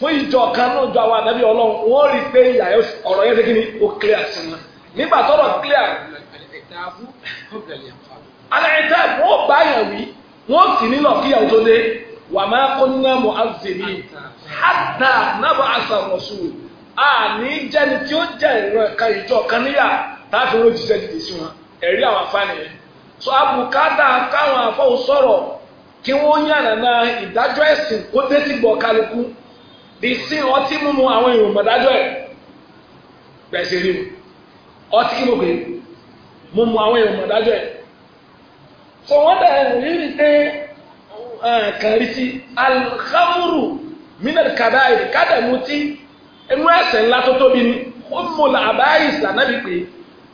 fún ìjọ kan náà ju àwọn ànábì ọlọ́run wọ́n rí i pé ìyá ọ̀rọ̀ yẹn kí ni ó clear sí wọn nígbà clear. alẹ́ta wọ́n bá yàn wí wọ́n sì nílò kí yàwó tó dé wà máa kó nínú mu azèmí hàtà àṣàròṣù àní jẹni tí ó jẹ ìran ìjọ kan níyà ló ti sẹ́dìdì sí wọn ẹ̀rí àwọn afáàní yẹn so abùkátà káwọn afọ́ kí wọ́n yànnà ìdájọ́ ẹ̀sìn kó dé di sí ọtí mímu àwọn èèyàn mọ̀dájọ́ ẹ̀ gbèsè rí o ọtí kí mo pè mímu àwọn èèyàn mọ̀dájọ́ ẹ̀ so wọ́n dẹ̀ rírì pé kàn rí sí alhamuru minal kabair kádàmú tí inú ẹ̀ṣẹ̀ ńlá tó tóbi ni ó mú la àbáyé ìsànábì pé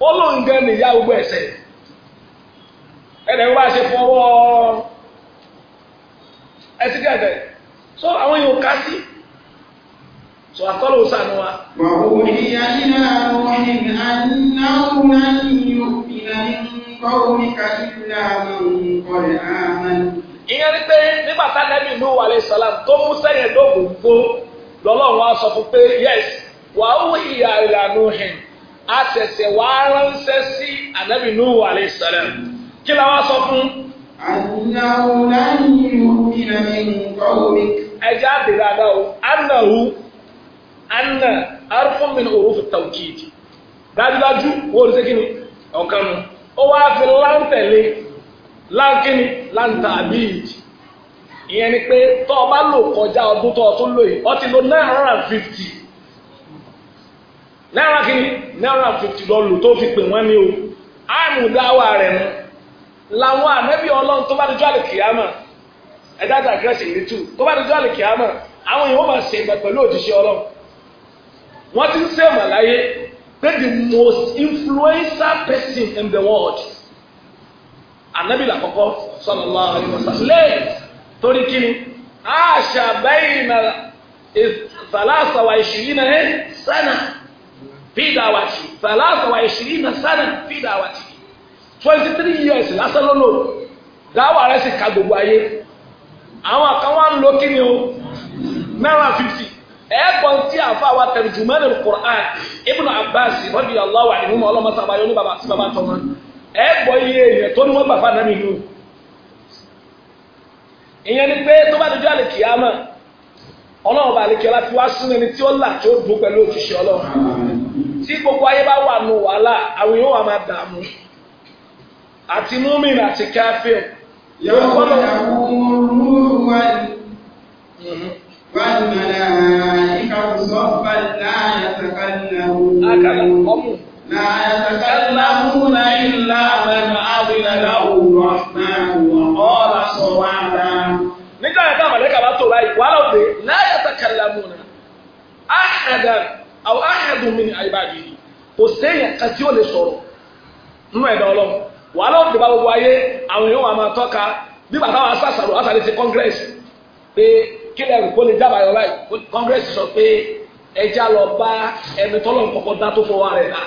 ó lóun gan nìyá gbogbo ẹ̀ṣẹ̀ ẹ̀dẹ̀ ń ṣe fọwọ́ ẹtí gẹ̀gẹ̀ so àwọn èèyàn ká so akọ́lù sànú wa. wà á wò ní àyínà àwọn ènìyàn anáwó náà yóò fi náà kọ́ omi kàdúrà àwọn nǹkan rẹ̀ àmà. ìyẹn ni pé nígbà tá nẹ́bí inú wa lè sọ́lá tó mú sẹ́yìn lóògùnkó lọ́lọ́run wa sọ fún pé yes wà á wò ìyá ìlànà hìn a ṣẹ̀ṣẹ̀ wà á ránṣẹ́ sí ànábì inú wa lè sọ́lá kí la wá sọ fún. anáwó náà yóò fi náà kọ́ omi. ẹ jáde dáadáa o anna arfun min orúfù tawkid dájúdájú wọ́n ṣe kíni ọ̀kanu fi láǹtẹ̀lé láǹkíni láǹtà àbíyìí ìyẹn ni pé tọ́ ọ bá lò kọjá ọdún lo náírà kìíní nine fifty lọ tó fi pè wọ́n ní o àmùdáwà rẹ̀ nu làwọn tó bá dojú àlè kìámà ìrètù tó bá dojú àlè kìámà wọ́n ti ń sẹ́ màláyé pé the most influential person in the world anabi làkọ́kọ́ sallallahu alaihi wasallam lẹ́yìn torí kíni àṣà bẹ́yìn náà thalatha wa ishirina sana fi dawati thalatha wa ishirina sana fi dawati twenty three years lásán lọ́lọ́ dáwà rẹ̀ sì ka gbogbo ayé àwọn kan wá ń lo kíni o náírà fifty ẹ̀gbọ́n tí àfa wa tarjuman al-Qur'an Ibn Abbas radiyallahu anhu ọlọ́mọ sábà yọ ní baba sí baba tọ́ wọn ẹ̀gbọ́ iye tó ní wọ́n gbà ìyẹn ni pé tó bá dojú àlèkìyàmọ̀ ọlọ́run bá àlèkìyàmọ̀ fi wá sínú ẹni tí ó là tó dùn pẹ̀lú òṣìṣẹ́ ọlọ́run tí gbogbo ayé bá wà nù wàhálà àwọn yóò wà máa dààmú àti múmin àti káfíìn. yọ̀ọ́ والملائكة صفا لا يتكلمون ah, لا يتكلمون إلا من أذن له الرحمن وقال صوابا nígbà yẹn táwọn mọ̀lẹ́kà bá tó báyìí wàhálà òde la yatakallamuna ahadan aw ahadun min ibadihi kò séèyàn kan tí ó lè sọ̀rọ̀ nínú ẹ̀dá bí bàbá wa sàṣàrò àṣàlẹ̀ ti congress pé kílẹ̀ rò kó lè dábàá yọ báyìí kọ́ngẹ́sì sọ pé ẹja lọ bá ẹni tọ́lọ̀ kọ́kọ́ dá tó fọwọ́ rẹ̀ la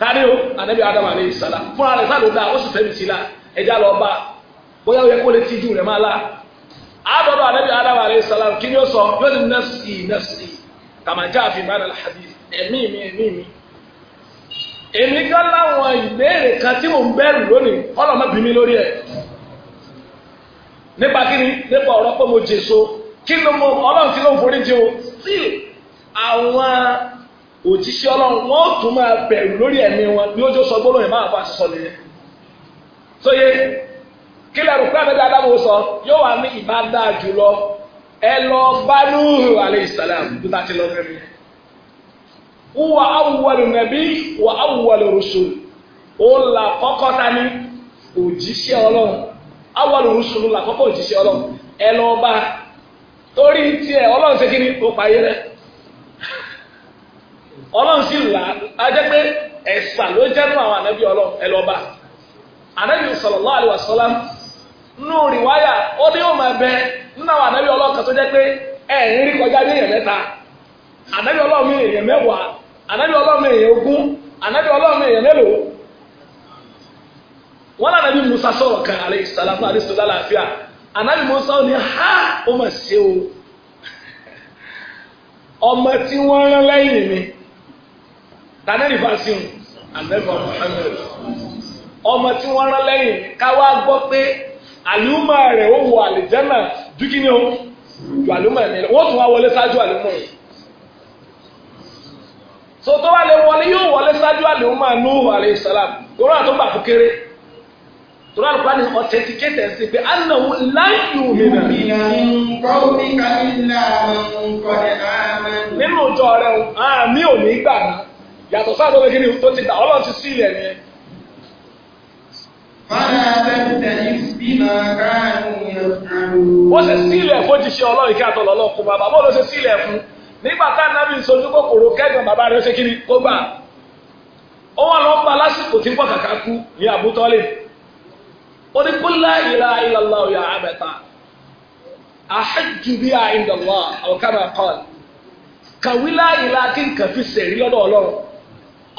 kárí o anabi adam aleyhi salam fúnra rẹ̀ sáà ló dá ó sì fẹ́ mi sí la ẹja lọ bá bóyá ó yẹ kó lè tíjú rẹ̀ máa la àádọ́dọ̀ anabi adam aleyhi salam kí ni ó sọ yóò ní nẹ́sì nẹ́sì kàmájà àfi máa nàlá hadith ẹ̀mí mi ẹ̀mí mi èmi gán láwọn ìbéèrè kan tí mò ń bẹ̀rù lónìí ọlọ́mọ lórí ẹ̀ nípa kí ni nípa ọ̀rọ̀ pé mo jèso kí ló mọ ọlọ́run tí ló ń forí jì o still àwọn òjíṣẹ́ ọlọ́run wọn ò tún máa bẹ̀rù lórí ẹ̀mí wọn bí ó jó sọ gbólóhùn ìmáà fún àṣìṣọ nìyẹn sóye kí lẹ́rù pé àbẹ́bẹ́ adáwọ̀ sọ yóò wà ní ìbá dáa jùlọ ẹ lọ bá Nuhu alayhi salam tó bá ti lọ fẹ́ mi wà awùwàlù nàbí wà awùwàlù rusul ó là kọ́kọ́ ta ni òjíṣẹ́ ọlọ́run awọ́lù rusulu làkọ́kọ́ la ọlọ́run ẹ lọ bá torí tiẹ̀ ọlọ́run ṣe kí ni o payé rẹ ọlọ́run sì là pé ẹ̀sà ló jẹ́ nù àwọn anabi ọlọ́run ẹ lọ bá ànábì nù ó ní yóò máa bẹ nínú àwọn pé ń rí kọjá ní èèyàn mi èèyàn anabi mi èèyàn wọ́n lára bí musa sọ̀rọ̀ kan alẹ́ ìsàlámù àdìsọ́lá làáfíà ànábì musa ò ha ó mà ṣe o ọmọ tí wọ́n rán lẹ́yìn mi tànẹ́rì bá sí un ànẹ́bà mohammed ọmọ tí wọ́n rán lẹ́yìn mi káwá gbọ́ pé àlùmọ̀ rẹ̀ ó wọ àlìjẹ́nà dúkìní o ju àlùmọ̀ mi lọ wọ́n tún wá wọlé ṣáájú àlùmọ̀ yìí so tó lè wọlé yóò wọlé ṣáájú àlùmọ̀ nùhù alayhi salam kóró àtúgbà fún kéré tura alukurani authenticate ẹ̀ sí pé anahu láyò mìíràn. nínú ìjọ rẹ̀ àmì ò ní gbà ná yàtọ̀ sáà tó kékeré tó ti gbà ọlọ́run ti sí ilẹ̀ yẹn. Wọ́n ṣe sílẹ̀ fún jíṣẹ́ ọlọ́run kí àtọ̀ lọ́lọ́ kó bàbá. Bọ́ọ̀lù ṣe sílẹ̀ fún. Nígbà tá Nábì ń sojú kòkòrò kẹ́gbọ̀n bàbá rẹ̀ ṣe kiri kó gbà. Ó wà lọ́ pa lásìkò tí ń pọ̀ kàkà kú ní Àbútọ́lẹ̀ ó ní kó la ilaha illallah ya abata ahajju biha inda Allah aw kama qala kàwí la ilaha kí n kàfi sẹ̀rí lọ́dọ̀ ọlọ́run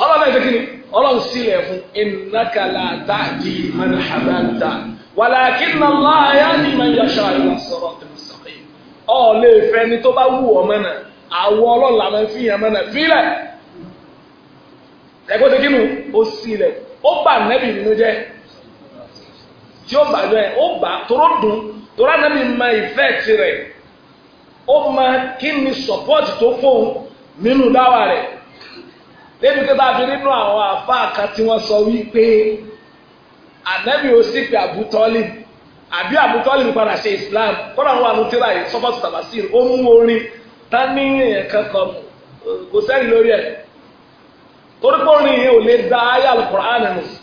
ọlọ́run náà ṣe kí ni ọlọ́run sílẹ̀ fún innaka la ta'di man hababta walakinna Allah yahdi man yasha ila siratin mustaqim ọ̀ lè fẹ́ ni tó bá wù ọ́ mọ́nà àwọ ọlọ́la máa fi hàn mọ́nà fílẹ̀ ẹ̀kọ́ ṣe kí ni ó sílẹ̀ ó bà nẹ́bì nínú jẹ́ tí ó bá bẹ́ẹ̀ ó bá toró dùn torá nàbí ma ìfẹ́ tirẹ̀ ó ma kí ni sọ̀pọ́ọ̀tì tó fóun nínú dáwà rẹ̀ débi pé báfi nínú àwọn àfáà kan tí wọ́n sọ wípé ànábì ó sì pé àbútọ́lì àbí àbútọ́lì ń padà ṣe Islam kọ́nà àwọn àlùtírà yìí sọ́pọ́ọ̀tì tàbásìrì ó mú orin tání ẹ̀kan kan kò sẹ́yìn lórí ẹ̀ torí pé orin yìí ò lè da ayé Al-Qur'an nù sí.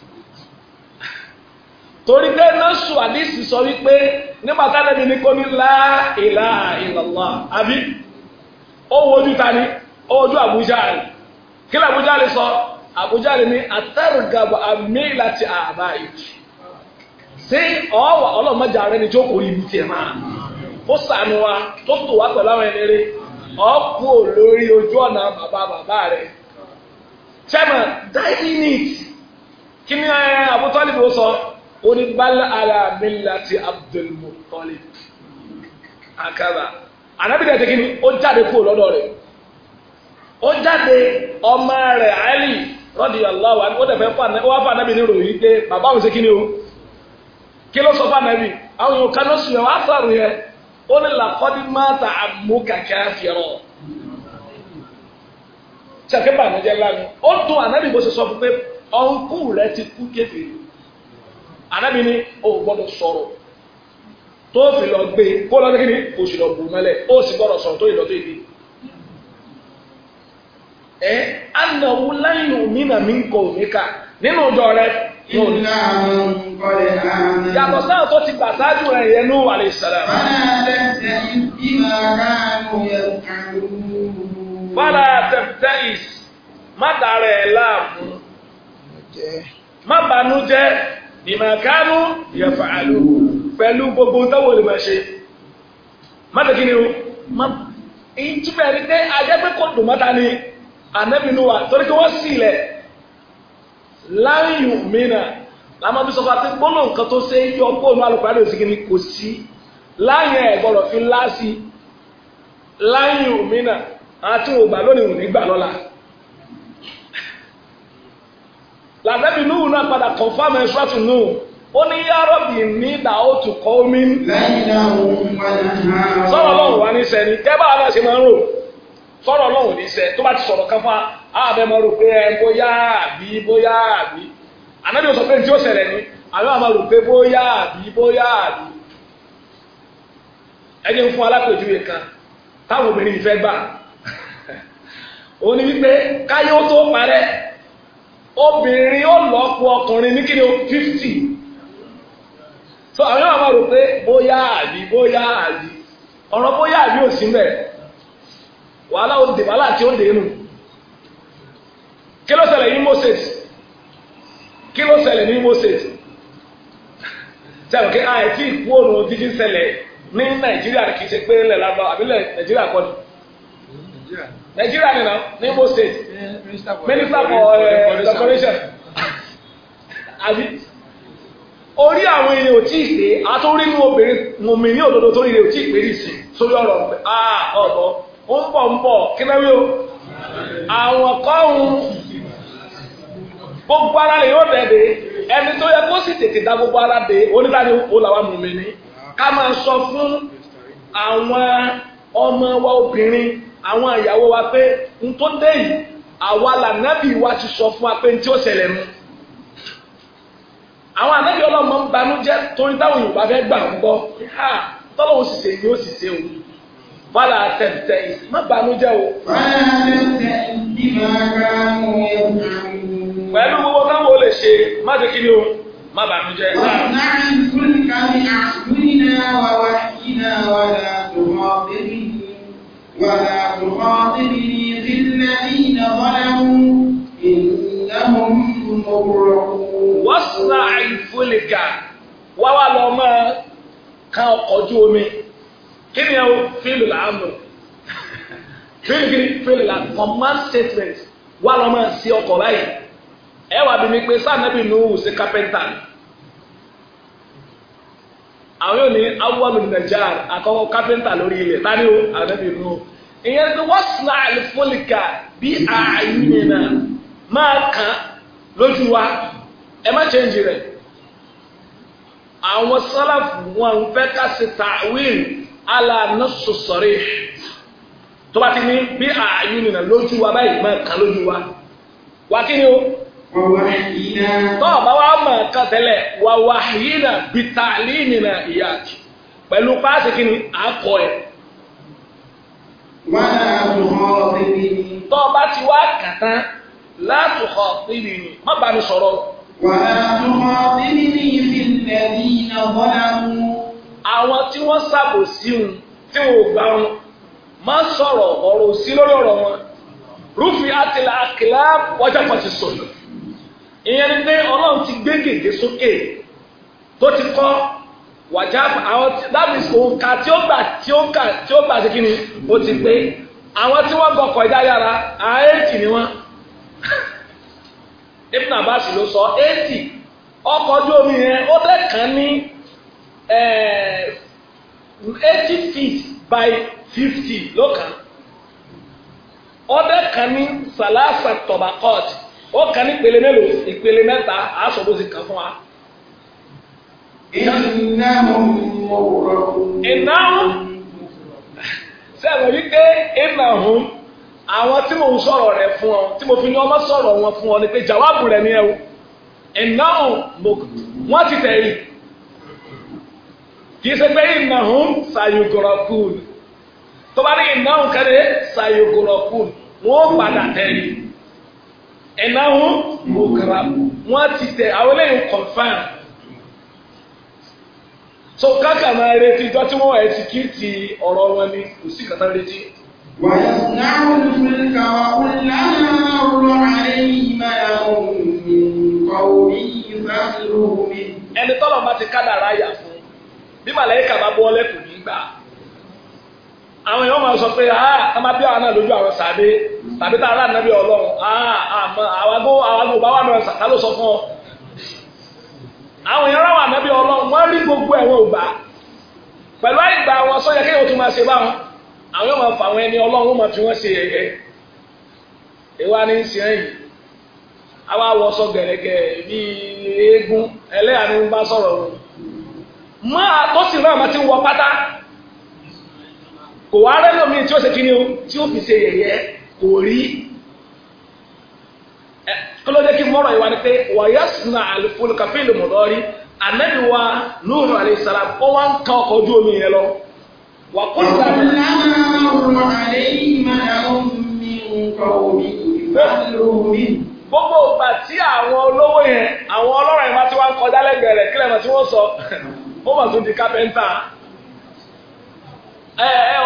torí pé nọ́ọ̀sù sọ wípé nígbà tánàbí ní la àbí ó ta ni ó wojú àbújá rẹ̀ kí àbújá rẹ̀ sọ àbújá rẹ̀ àtẹ̀rùgàbọ̀ àmì láti àbá ìjì sí ọ̀wà ọlọ́mọdé ààrẹ ni tí ó kò rí ibi tiẹ̀ máa kó sànù wa tó tò wá pẹ̀lú àwọn ẹni ọ̀pọ̀ lórí ojú ọ̀nà bàbá bàbá rẹ̀ chairman it kí ni eh, ó ní bal ala millati Abdul Muttalib akaba anabi dẹ̀ kí ni ó jáde kúrò lọ́dọ̀ rẹ̀ ó jáde ọmọ rẹ̀ Ali radiyallahu anhu ó dẹ̀ fẹ́ fún anabi ní ròyìn pé bàbá òun ṣe kí ni o kí ló sọ fún anabi àwọn yòókù kan ló sùn yẹn wàá sàrùn yẹn ó ní làkọ́dí máa ta àmúkà káfíọ̀rọ̀ ṣàkébà ànájẹ́ lánàá ó dùn anabi bó ṣe sọ fún pé ọ̀nkú rẹ̀ ti kú kéfèé ànábì ni o gbọ́dọ̀ sọ̀rọ̀ tó fi lọ gbé kó lọ kékeré kò sì lọ bù mẹ́lẹ̀ ó sì gbọ́dọ̀ sọ̀rọ̀ tó yìí lọ tó yìí ẹ anáwó láyìn òmìnà mi ń kọ òmìnka nínú ọjọ́ rẹ yàtọ̀ sáà tó ti gbà sáájú rẹ̀ yẹn ní wàlẹ ìsàlẹ̀. fàlà tẹ̀tẹ̀ ìs má dàrẹ̀ láàmú má banú jẹ́ bima kanu yaf'alu pẹ̀lú gbogbo táwọn olè máa ṣe mọ́tàkì ni o ìjìbẹ̀ rí pé ajẹ́pẹ́kọ̀ tòmátà ni ànábì Nuwa torí kí wọ́n sì ilẹ̀ láyùn mìíràn lámọ́ bí sọ́kọ́ àti gbóná nǹkan tó ṣe yọ fóònù alùpàdé òsì kìíní kò sí láyùn ẹ̀ gbọ́dọ̀ fi láàsì láyùn mìíràn àti ògbà lónìí òní gbà lọ́la. làbẹ́bí núhù náà padà kọ̀nfàmù ẹ̀ ṣúwàtù núhù ó ní yárọ́bì ní dàótù kọ́ omi ń. lẹ́yìn náà òun wà ní àárọ̀. sọ̀rọ̀ ọlọ́run wà ní sẹ́ni kẹ́ bá wa ṣe máa ń rò sọ̀rọ̀ ọlọ́run ní sẹ́ tó bá ti sọ̀rọ̀ kan fún wa àbẹ̀ máa rò pé ẹ bóyá àbí bóyá àbí ànábì sọ pé tí ó ṣẹlẹ̀ ni àbí máa rò pé bóyá àbí bóyá àbí. ẹ jẹ́ fún alápèjúwe kan táwọn obìnrin yìí fẹ́ gbà ó ní wípé káyé ó tó parẹ́ obìnrin ó ọkùnrin ní kíni o 50 so àwọn yóò rò pé bóyá àbí bóyá àbí ọ̀rọ̀ bóyá àbí ò sí mẹ́ wàhálà ó wàhálà tí ó dè nù kí ló ṣẹlẹ̀ ní Moses kí ló ní Moses sẹ́wọ̀n kí tí ìkú dídí Nigeria ni now ní Imo state minister for eh, decoration àbí orí àwọn èèyàn ò tí ì pé àtúrínú obìnrin mùmí ní òdodo tó rírẹ ò tí ì pé nìsín sórí ọ̀rọ̀ ọ̀pẹ ọ̀bọ̀ ó ń bọ̀ ń bọ̀ kí lẹ́wí o àwọn kọ́hún gbogbo ara lè yóò dẹ̀dẹ̀ ẹni tó yẹ kó sì tètè dá gbogbo ara dé onídàáni ó làwọn mùmí ní ká máa sọ fún àwọn ọmọ wa obìnrin àwọn ìyàwó wa pé n tó dé yìí àwa lànàbì wa ti sọ fún wa pé n tí ó ṣẹlẹ̀ nu àwọn ànábì ọlọ́mọ ń banújẹ́ torí táwọn Yorùbá fẹ́ gbà ń gbọ́ tọ́lọ́wọ́ sì ṣe yóò sì ṣe òun fọlá tẹ̀tẹ̀ má banújẹ́ o. pẹ̀lú gbogbo káwọn ò lè ṣe má ṣe kí ni o má banújẹ́. ọ̀nà ìfúnni kan ní àṣùgbọ́n iná wa wá iná wa là tó mọ́ ولا تخاطبني في الذين ظلموا إنهم مغرقون واصنع الفلك wáwá lọ máa kan ọkọ̀ omi kí ni ó fílù láàmù fílù kí ni fílù command statement wàá lọ sí ọkọ̀ báyìí ẹ bí mi pé sáà nù ú àwọn yóò ní awọ́lù nàìjíríà àkọ́kọ́ kápẹ́ntà lórí ilẹ̀ tani o ànábì nù. ìyẹn ti wọ́n sin àlùfólìkà bí àyìnbá máa kàn lójú wa ẹ má chẹ́ǹjì rẹ̀. àwọn sálàfù wọn fẹ́ ká ṣe tàwíìl alànàṣọ sọ̀rí tó bá ti ní bí àyìnbá lójú wa báyìí máa kàn lójú wa. wà kí ni o. tọ́ọ̀ bá wàá mọ̀ nǹkan tẹ́lẹ̀ wà wàhíìnà bìtàlínìnà ìyáàkì pẹ̀lú páàsì kìíní àkọ́ ẹ̀. tọ́ọ̀ bá ti wá kàtá látùkọ̀ níbi ni má bá mi sọ̀rọ̀. àwọn tí wọ́n sábò sí un tí wọ́n gbà wọn má sọ̀rọ̀ ọ̀rọ̀ sí lórí ọ̀rọ̀ wọn rúfin àtìlá àkìlá wájà pàṣẹ sọ̀rọ̀. ìyẹn ni pé ọlọ́run ti gbé gègé sókè tó ti kọ́ wàjá àwọn láti tí ó gbà tí ó gbà tí ó gbà sí kí ni ó ti àwọn tí wọ́n gbọ́kọ̀ ẹ̀dá yára àẹ́tì ni wọ́n Ibn Abbas ló sọ éètì ọkọ̀ ojú omi yẹn ó dẹ́kan ní eh, eighty feet by fifty lókàn ó dẹ́kan ní salasa ó kàn ní ìpele mélòó ìpele mẹ́ta aṣọ bó ti kàn fún wa. ìnáhùn mọ̀wòrán. ìnáhùn sẹ́wọ̀n wípé ìnáhùn àwọn tí mo ń sọ̀rọ̀ rẹ̀ fún ọ tí mo fi ní ọmọ sọ̀rọ̀ wọn fún ọ ni pé jàwáàbù rẹ̀ ni ẹ o ìnáhùn wọ́n ti tẹ̀lé kì í ṣe pé ìnáhùn ṣàyògòròkùn tó bá ní ìnáhùn kẹ́lẹ́ ṣàyògòròkùn wọ́n padà tẹ̀lé. ẹ̀náhùn bùkàrà wọ́n ti tẹ àwọn eléyìí confam so kaka na retí ìjọ tí wọ́n ẹ̀ ti kí ti wọn ni kò sí kàtà retí. wàyà náà ń fi kàwá kúnlá rọ àlẹ́yìn máa ń omi ẹni tọ́lọ̀ bá ti kádàrá yà fún bí màlẹ́kà bá bọ́ lẹ́kùn àwọn èèyàn ma sọ pé ah àmà bí àwọn náà lójú àwọn sàbí tàbí tá a ráàlú nàbí ọlọ́run ah àmọ́ àwàgó bá wà náà sàtà ló sọ fún ọ. àwọn èèyàn ráwà nàbí ọlọrun wọn rí gbogbo ẹwọn ògbà pẹ̀lú àìgbà wọn sọ yẹ kí tún máa ṣe báwọn àwọn ma fà ẹni fi ṣe ìwà wọ sọ gẹ̀rẹ́gẹ̀ bíi eégún ẹlẹ́yà ni wọ́n bá sọ̀rọ̀ kò wá rẹ́ lómi tí ó ṣe kíni o tí ó fi ṣe yẹ̀yẹ́ kò rí kí ló dé kí mọ́rọ̀ yìí wá ni pé wàyà sinà àlùfóònù kàfíìlì mọ̀lọ́rí ànábì wa Nuhu alayhi salam ó wá ń ka ọkọ̀ ojú omi yẹn lọ. wà á kó sílá mi. gbogbo ìgbà tí àwọn olówó yẹn àwọn ọlọ́rọ̀ yẹn bá ti wá ń kọjá lẹ́gbẹ̀ẹ́ rẹ̀ kílẹ̀ náà tí wọ́n sọ ẹ ẹ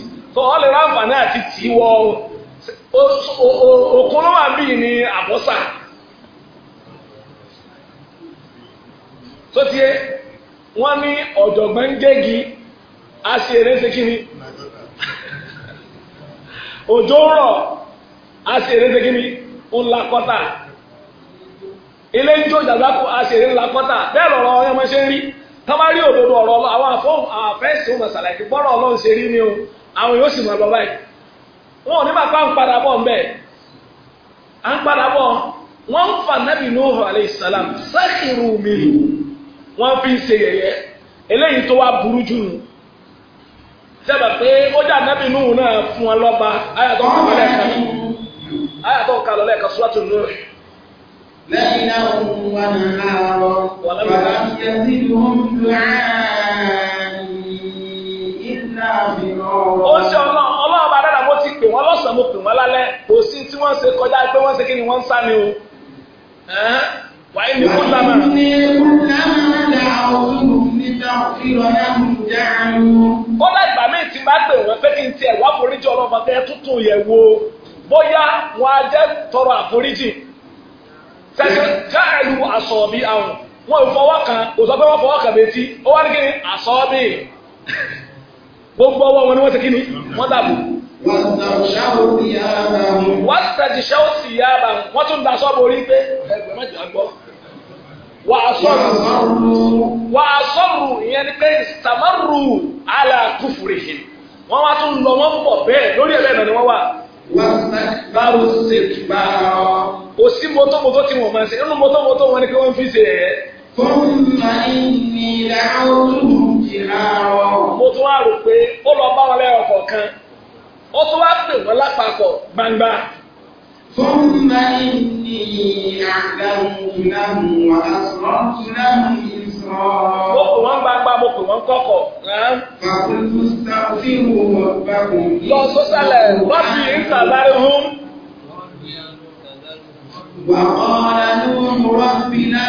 so all around vanna ati ti wọ okun wa bi ni abusa so tiye wọn ni ọjọgbọn a si ere se kini ojo rọ a si ere se kini nla kọta ilé njó jàdáko a si ere nla kọta bẹẹ lọrọ ọyọmọ ṣe ń rí tamari òdodo ọrọ àwọn afọ àfẹsẹ ọmọ sàlàyé gbọdọ ọlọrun ṣe rí ni o. àwọn yóò sì mọ̀ lọ báyìí wọn ò ní bàbá ń padà bọ̀ ń bẹ̀ à ń padà bọ̀ ń fa Nuhu alayhi salam mi lù fi ń ṣe yẹ̀yẹ́ eléyìí tó wá burú jù nù sẹ́bà pé ó Nuhu náà fún ọ lọ́ba ayàtọ̀ kàlọ́ lẹ́ẹ̀kan kàlọ́ lẹ́ẹ̀kan ó ń ṣe ọlọ́run ọlọ́run bá dára mo ti pè wọ́n lọ́sàn-án mo pè wọ́n lálẹ́ kò sí tí wọ́n ṣe kọjá pé wọ́n ṣe kí ni wọ́n ń sá o wàá ní kú lámà. ó lágbà mí ti bá pè wọ́n pé kí n tiẹ̀ wá foríjì ọlọ́run ọ̀tẹ́ tuntun yẹ̀ wo bóyá wọn á jẹ́ tọrọ àforíjì sẹ́sẹ́ jáàlú àsọ̀bí àwọn wọn ò fọwọ́ kan kò sọ pé wọ́n fọwọ́ kan ó wá ní kí ni àsọ̀bí gbogbo ọwọ́ wọn ni wọ́n ti kí ni wọ́n dàbò. wọ́n tàjì ṣáwó sì yá bá wọ́n tún da sọ́ọ̀bù orí pé mẹ́jọ gbọ́. wà á sọ̀rù wà á sọ̀rù ìyẹn ni pé sàmárù àlà kúfùrì wọ́n wá tún lọ wọ́n pọ̀ bẹ́ẹ̀ lórí ẹ̀rẹ́ náà ni wọ́n wà. Báwo ṣe gbà Kò sí mọ́tòmọ́tò tí wọ́n máa ṣe. Inú mọ́tòmọ́tò wọn ni kí wọ́n fi ṣe ẹ̀. Fún mi ní ọ̀rùn mo tún wá rò pé ó lọ bá wọn lẹ́yọ̀ kọ̀ọ̀kan ó tún wá pè wọ́n lápapọ̀ gbangba. ثم إني أعلمت لهم وأسررت mo pè wọ́n gbangba mo pè wọ́n kọ̀kọ̀. فقلت استغفروا ربكم. lọ sọ́sálẹ̀ rọ́bì ìsàlárihùn. وقال نوح رب لا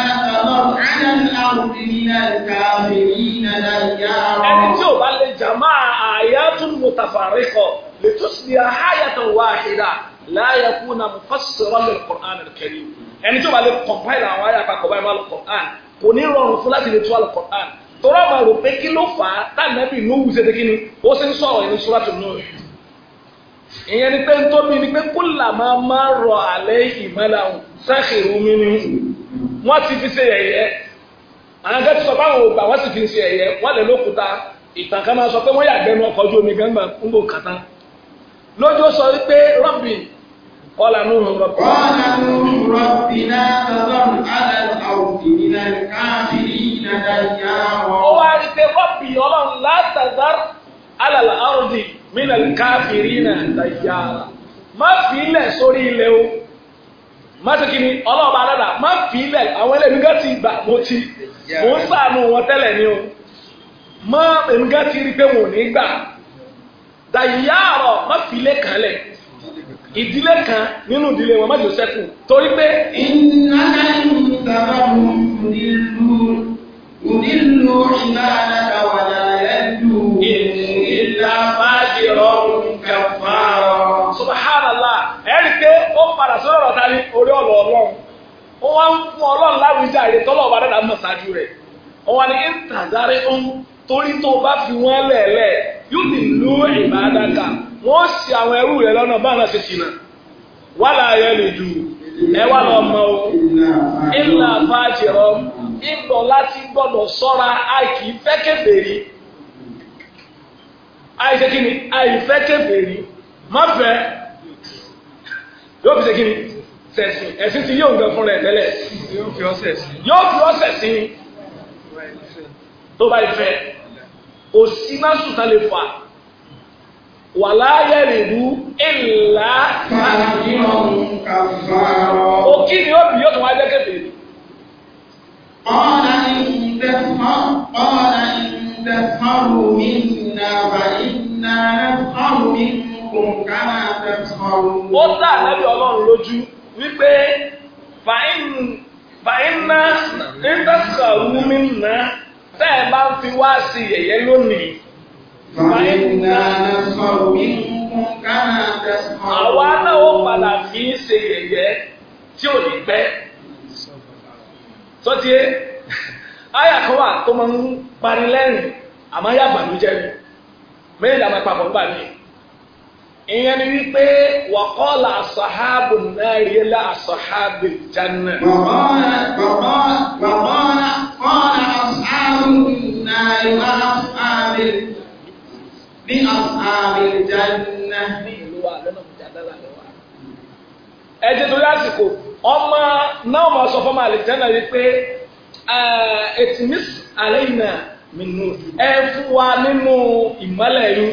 على الأرض من الكافرين ديارا ẹni tí ò bá lè jàmá àyàtún mutafarriqa lè tó sì ní àyàtọ̀ wáhìdá láyà kú na mufassira lè Qur'an al-Karim ẹni tí ò bá lè kọ̀mpáìlì àwọn àyà àpapọ̀ báyìí máa lọ Qur'an kò ní rọrùn fún láti lè tú àlọ́ Qur'an tọ́rọ máa ìyẹn ni pé ń ni pé kó làmá máa rọ àlẹ́ ìmọ̀lá sáàkì rúmi ni wọ́n ti fi ṣe yẹ̀yẹ́ àwọn akẹ́kọ̀ọ́ ti sọ fáwọn ògbà wọ́n sì fi ṣe yẹ̀yẹ́ wọ́n lè lókúta ìtàn kan máa sọ pé wọ́n yàgbẹ́ nu ọkọ̀ ojú omi gángan ń bò kàtá lójó sọ wípé rọ́bì kọ́lá nù rọ́bì. kọ́lá nù rọ́bì náà tọ́lọ́run alẹ́ àwùjọ ìlànà káàkiri ìlànà ìyá wọn. ó wá rí pé rọ́bì ọlọ́run látàdár alàlà àrùndì mí má ṣe kí ọlọ́ọ̀bá dàda fi ilẹ̀ àwọn ẹlẹ́mi ti gbà mo ti mò ń sànù wọn tẹ́lẹ̀ ni o má èmi ti rí wọn ní gbà dàyíyá ọ̀rọ̀ má fi ilé kan lẹ̀ ìdílé kan nínú ìdílé wọn má jò sẹ́kù torí pé. ń sábà ẹ̀rí ó padà orí ọlọ́run ó wá ń fún ọlọ́run láwùjọ dáadáa mọ̀ ṣáájú rẹ̀ wá ní ìtàzárí torí tó bá fi wọ́n lẹ̀ẹ́lẹ̀ yóò ti wọ́n àwọn ẹrú rẹ̀ lọ́nà bá wọn ṣe ṣìnà wà láàyè lè ju ẹ yóò fi ṣe kí ni sẹ̀sìn ẹ̀sìn ti yóò ń gan fún rẹ̀ tẹ́lẹ̀ yóò fi ọ̀sẹ̀ sí ni tó bá ìfẹ́ kò sí má sùtà lè fà wà láyé rèlú ìlà òkì ni ó bì yóò tún wá jẹ́ kébè. قال إن تسخروا قال إن تسخروا منا فإنا نسخر منكم ó dá ànábì ọlọ́run lójú wípé fàínà ìdásà wúmi nà tẹ́ fi wá sí yẹ̀yẹ́ lónìí. àwa náà ó padà fi í ṣe yẹ̀yẹ́ tí ò ní pẹ́. sọ́tí ẹ́ àyà kan wà tó máa ń parí mi ìyẹn ni wípé wàkọ́lá àṣàhábù náà rí lá àṣàhábù jannà. wàkọ́lá wàkọ́lá wàkọ́lá kọ́lá àṣàhábù náà rí lá àṣàhábù ní àṣàhábù jannà. ní ìlú wa lọ́nà ìjàdálà lọ́wọ́. ẹ ti torí àsìkò ọmọ náà mọ̀ sọ fọ́mọ àlìjánà wípé ètìmísì àlẹ́ ìnà mi nù ẹ fún wa nínú ìmọ́lẹ̀ yìí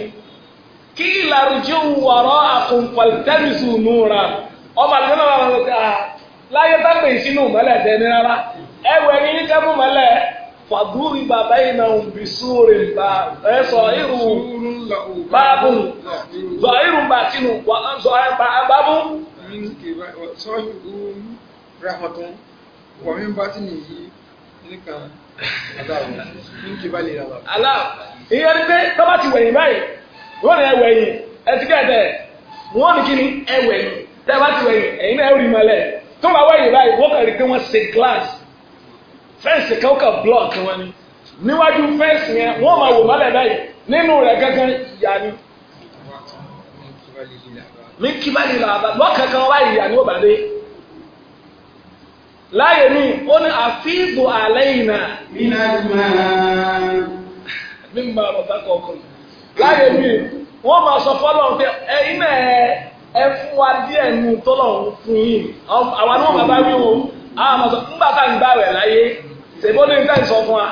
kí ìlàrújú wọ̀rọ̀ àkùnfọ̀lítẹ́rìsù nùra ọmọ àlùfáà wà lọ sí àá láyé tápẹ̀ ìsinú mọ́lẹ̀ tẹ́ ní rárá ẹwẹ́ ní yíká mú mọ́lẹ̀ fàdúrì bàbá iná bí súrè bá ẹ sọ irú báàbù zọ irú bá sínú zọ báàbù. sọ́yìnbó rahmatun wàmí bá ti nìyí nìkan aláwọ̀ ní kí bá lè rà bàbá. ìyẹn ni pé tọ́ba ti wẹ̀yìn báyìí. wọ́n na ẹwẹ̀ yìí ẹtikẹ́tẹ̀ wọ́n ní kíni yìí ti yìí náà tó bá yìí báyìí wọ́n kàn rí pé ṣe glass kan wọn ni níwájú fẹ́ǹsì yẹn wọ́n máa wò mọ́lẹ̀ báyìí nínú rẹ̀ gángan ìyá ni. mi kí bá wá ni láyé mi wọ́n máa sọ fọ́lọ́run pé ẹ̀yin ẹ fún wa díẹ̀ nu tọ́lọ́run fún yìí àwa náà bàbá wí wo àwọn àmọ́ sọ nígbà tá ń gbà rẹ̀ láyé ṣèbó sọ fún wa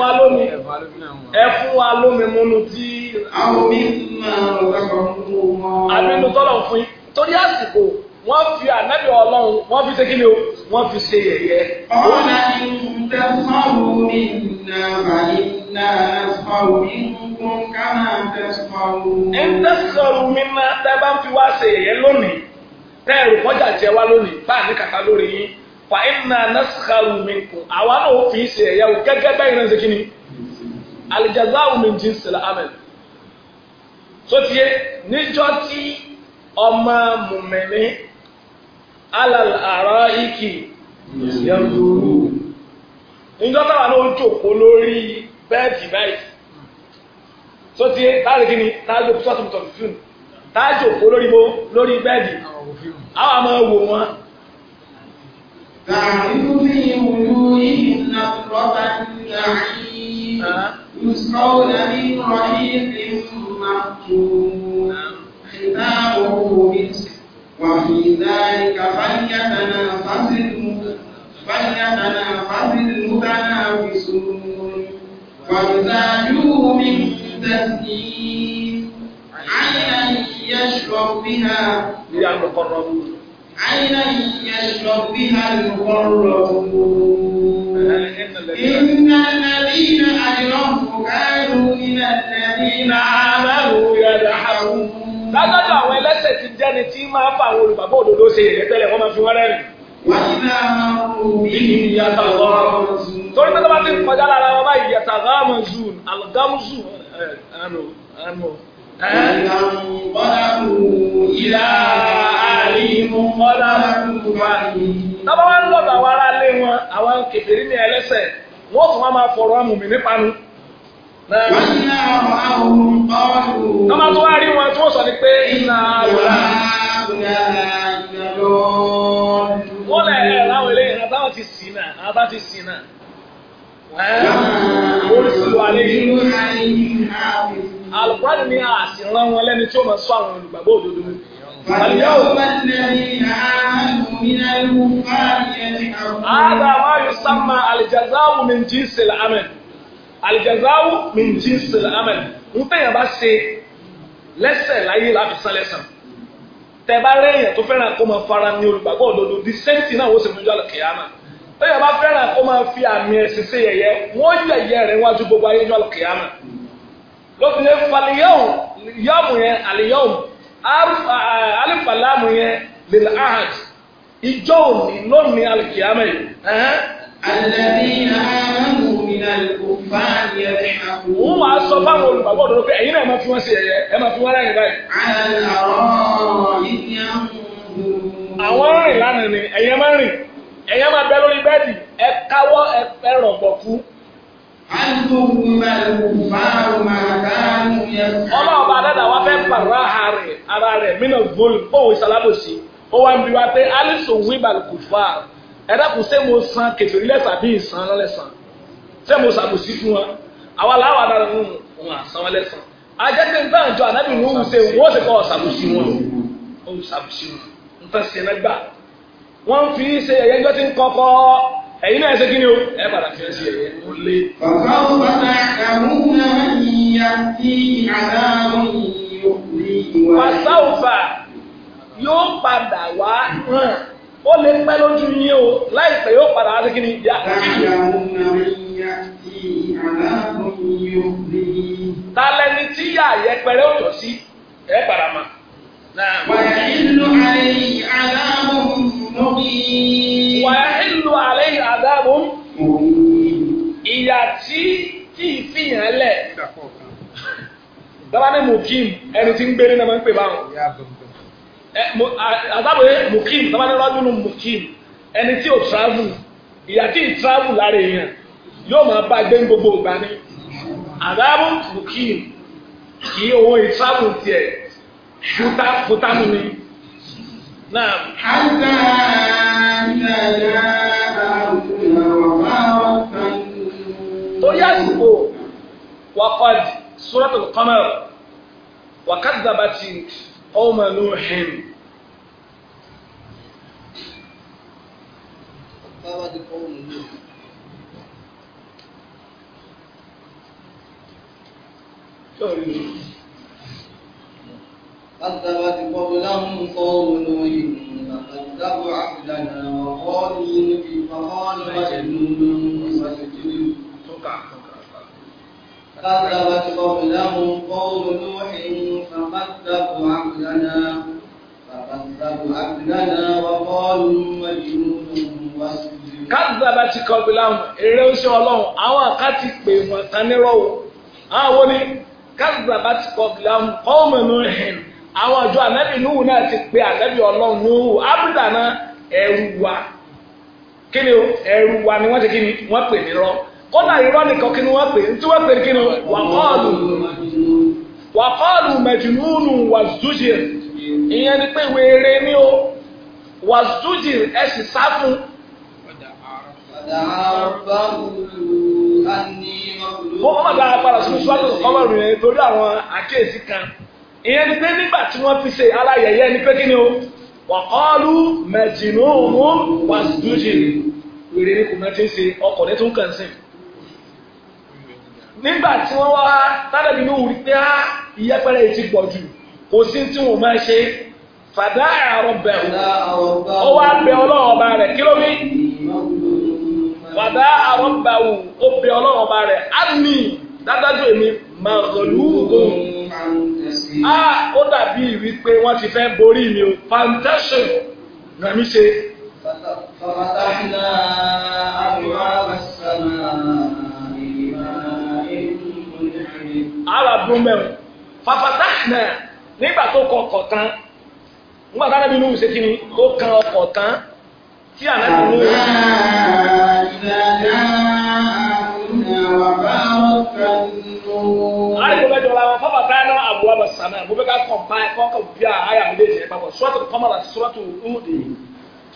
wa lómi wa lómi múnú tí àwọn mi wọ́n fi ànábì ọlọ́run wọ́n fi ṣe kí ni o wọ́n fi ṣe yẹ̀yẹ́. ọ̀nà ìfúnṣẹ́ sọ̀rọ̀ mi nà bàyí nà sọ̀rọ̀ mi kún ká máa fẹ́ sọ̀rọ̀. ẹ ń tẹ́ sọ̀rọ̀ mi máa tẹ́ bá ń fi wá ṣe yẹ̀yẹ́ lónìí tẹ́ ẹ̀rù kọjá jẹ wá lónìí bá a ní kàkà lórí yín fa inna naskharu minkum àwa náà ó fi ṣe yẹ̀yẹ́ o gẹ́gẹ́ bẹ́ẹ̀ náà ṣe kí ni aljaza'u min jinsil amal sotie níjọ́ tí ọmọ mùmẹ́ni alal araiki yẹmúrú níjọ́ táwa náà ń jòkó lórí bẹ́ẹ̀dì báyìí tó ti láti kí ni táàjò sọ́tùmùtọ̀ fífún táàjò kó lórí bó lórí bẹ́ẹ̀dì àwọn àmọ́ wò wọn. Tàbílú bí ìwúlú ìlà rọ́bà yàrí, Yusrọ́ọ̀lá ní rọ̀ yìí ní Màkùn, àìbá òkú mi sí. وفي ذلك فليتنافس فليتنافس المتنافسون ومزاجوه من تسليم عينا يشرب بها المقربون عينا يشرب بها المقربون إن الذين أجرموا كانوا من الذين آمنوا يضحكون lágbájá àwọn ẹlẹ́sẹ̀ ti jẹ́ni tí máa fa àwọn olùgbàgbọ́ òdodo ṣe yẹ̀yẹ́ tẹ́lẹ̀ wọ́n máa fi wọ́n rẹ́rìn. torí pé tó bá ti ń kọjá lára wọn báyìí yàtà gáàmù zùn algámùzù ẹnu eh, ẹnu. Tábà wá ń lọ́dọ̀ àwọn aráalé wọn, àwọn kèfèrí ní ẹlẹ́sẹ̀, wọ́n tún wá máa fọ̀rọ̀ àmùmí nípanu. Nọ́mà tó wá rí wọn tí wọ́n sọ ni pé iná àwòrán. Wọ́n lẹ̀ ẹ̀ láwọn eléyìí náà táwọn ti sìn náà, àwọn ti sìn náà. Olùsìlú àlejò. Àlùkùránì ni a sì rán wọn lẹ́ni tí ó máa sọ àwọn olùgbàgbọ́ òdodo. فاليوم الذين آمنوا من الكفار يجحدون هذا ما يسمى àlìjẹ̀záwù min jinsil amẹ́lì ń tẹ̀yàn bá ṣe lẹ́sẹ̀ láyé láfi sán lẹ́sàn tẹ̀ bá rẹ̀yàn tó fẹ́ràn kó máa fara ní olùgbàgbọ́ òdodo di sẹ́ńtì náà wọ́n sì mú jọ́lọ̀ kìyàmà tẹ̀yàn bá fẹ́ràn kó máa fi àmì ẹ̀sìn sí yẹ̀yẹ́ wọ́n yẹ̀yẹ́ rẹ̀ wájú gbogbo ayé jọ́lọ̀ kìyàmà lóbìnrin faliyọ́hùn yọ́mù yẹn àlìyọ́hùn alifalamu eh, yẹn lil ahad ìjọ òní lónìí alìkìyàmà yìí wọ́n máa sọ fáwọn olùgbàgbọ́ òdodo pé ẹ̀yin náà máa fi wọ́n ṣe ẹ̀yẹ ẹ máa fi wọ́n láyìn báyìí. àwọn rìn lánàá ni ẹ̀yẹ máa rìn ẹ̀yẹ máa bẹ lórí bẹ́ẹ̀dì ẹ káwọ́ ẹ rọ̀gbọ̀ kú. ọlọ́run bá dàda wá fẹ́ pàrọ̀ ara rẹ̀ mí náà gbólù bóun ṣàlábòsí ó wá ń bi wá pé alison wíbal kò fà á ẹ dákun mo san kẹfìrí lẹ́sàn bí ìsan san ṣé mo ṣàbòsí fún wa àwa làwọn adára ń wọn àsan wọn lẹ́sàn ajẹ́pẹ́ nígbà àjọ ànábì ní òun ṣe wọ́n sì kọ́ ọ̀ṣàbòsí wọn òun ṣàbòsí wọn nǹkan ṣe mẹ́gbà wọ́n fi ṣe ẹ̀yẹ́jọ́ tí ti kọ́kọ́ ẹ̀yin náà ṣe kí ni o ẹ padà fi ẹsẹ̀ ẹ̀yẹ kò lé. bàbá ó bàtà àmúna ìyá tí àdáhùn yóò rí ìwà. pàṣẹ òfà yóò padà wá ó lè pẹ́ lójú yín o láìpẹ́ yóò padà wá sí kí ni ìjà. talẹ́ni tí yà yẹpẹrẹ ò tọ́ sí ẹ padà mọ́. wàyà ìlú àlẹ́ àdáàbò mọ́bí. wàyà ìlú àlẹ́ àdáàbò ìyà tí tí ì fìyàn lẹ̀. dábàá ní mokim ẹni tí ń gbére náà máa ń pè báwọn àtàwọn mùkìm tàbátàbátà nù mùkìm ẹni tí ò travel ìyá tí ì travel lára èèyàn yóò máa bá gbé gbogbo ìgbà ní àtàwọn mùkìm kì í owó ì travel tiẹ̀ fúta fúta nù ni. náà. àgbà ìyàrá àwùjọ wà ọ̀kan. tó yàtọ̀ wàkọ̀dì suratul qamar wàkàdàbàtì. قوم نوح قامت قوم نوح كذبت قولهم قوم نوح فكذبوا عبدنا وقالوا فقال مجنون وسجن تقع كذبت قبلهم قوم نوح فكذبوا عبدنا فكذبوا عبدنا وقالوا مجنون وسجن kazaba ti kọbilam eré oṣù ọlọ́run àwọn àkàtì pè wọn tanírọwọ àwọn ni kazaba ti kọbilam ọmọnù hìn àwọn àjọ ànábì nuhu náà ti pè ànábì ọlọ́run nuhu abudana ẹrù wa kí ni ẹrù wa ni wọ́n ti kí ni wọ́n pè ní rọ kọ́nà irọ́ nìkan kí ni wọ́n pè tí wọ́n pè kí ni wàkọ́ọ̀lù wàkọ́ọ̀lù mẹ̀jùnúnù wàzújìr ìyẹn ni pé wèrè ni o wàzújìr ẹ sì sá fún. mo kọ́ máa padà sínú sọ́ọ́tù kọ́mọ̀rù yẹn torí àwọn àkíyèsí kan ìyẹn ni pé nígbà tí wọ́n fi ṣe aláyẹyẹ ni pé kí ni o wàkọ́ọ̀lù mẹ̀jùnúnù wàzújìr wèrè ni kò mẹ́tí ń ṣe ọkọ̀ ní tó ń kàn sí i nígbà tí wọ́n wá tádàbí ní òwúrí pé á ah, ìyẹ́pẹ̀rẹ̀ yìí ti pọ̀ jù kò sí tí wọ́n máa ṣe fàdá àrọ̀ bẹ̀rù ó wá bẹ ọlọ́run ọba rẹ̀ kí ló wí fàdá àrọ̀ bẹ̀rù ó bẹ ọlọ́run ọba rẹ̀ á ní dádájú èmi màgòlúùgùn á ah, ó dàbí wípé wọ́n ti fẹ́ borí mi o fantastic rẹ̀ mi ṣe. fàtàkùnà àbúrò àbẹ̀sẹ̀ náà. àwa dùn mẹ́rin fàfàtà náà nígbà tó kọ ọkọ̀ tán nígbà tó anábì Nuhu ṣe kí ni tó kan ọkọ̀ tán tí anábì Nuhu. Àrùn mẹ́jọ la wọn fàfàtà náà àbúrò àbàṣà náà mo fẹ́ ká kàn bá ẹ̀ kọ́kọ́ bí i àyà méjèèjì ẹ̀ papọ̀ suratul qamar suratul hud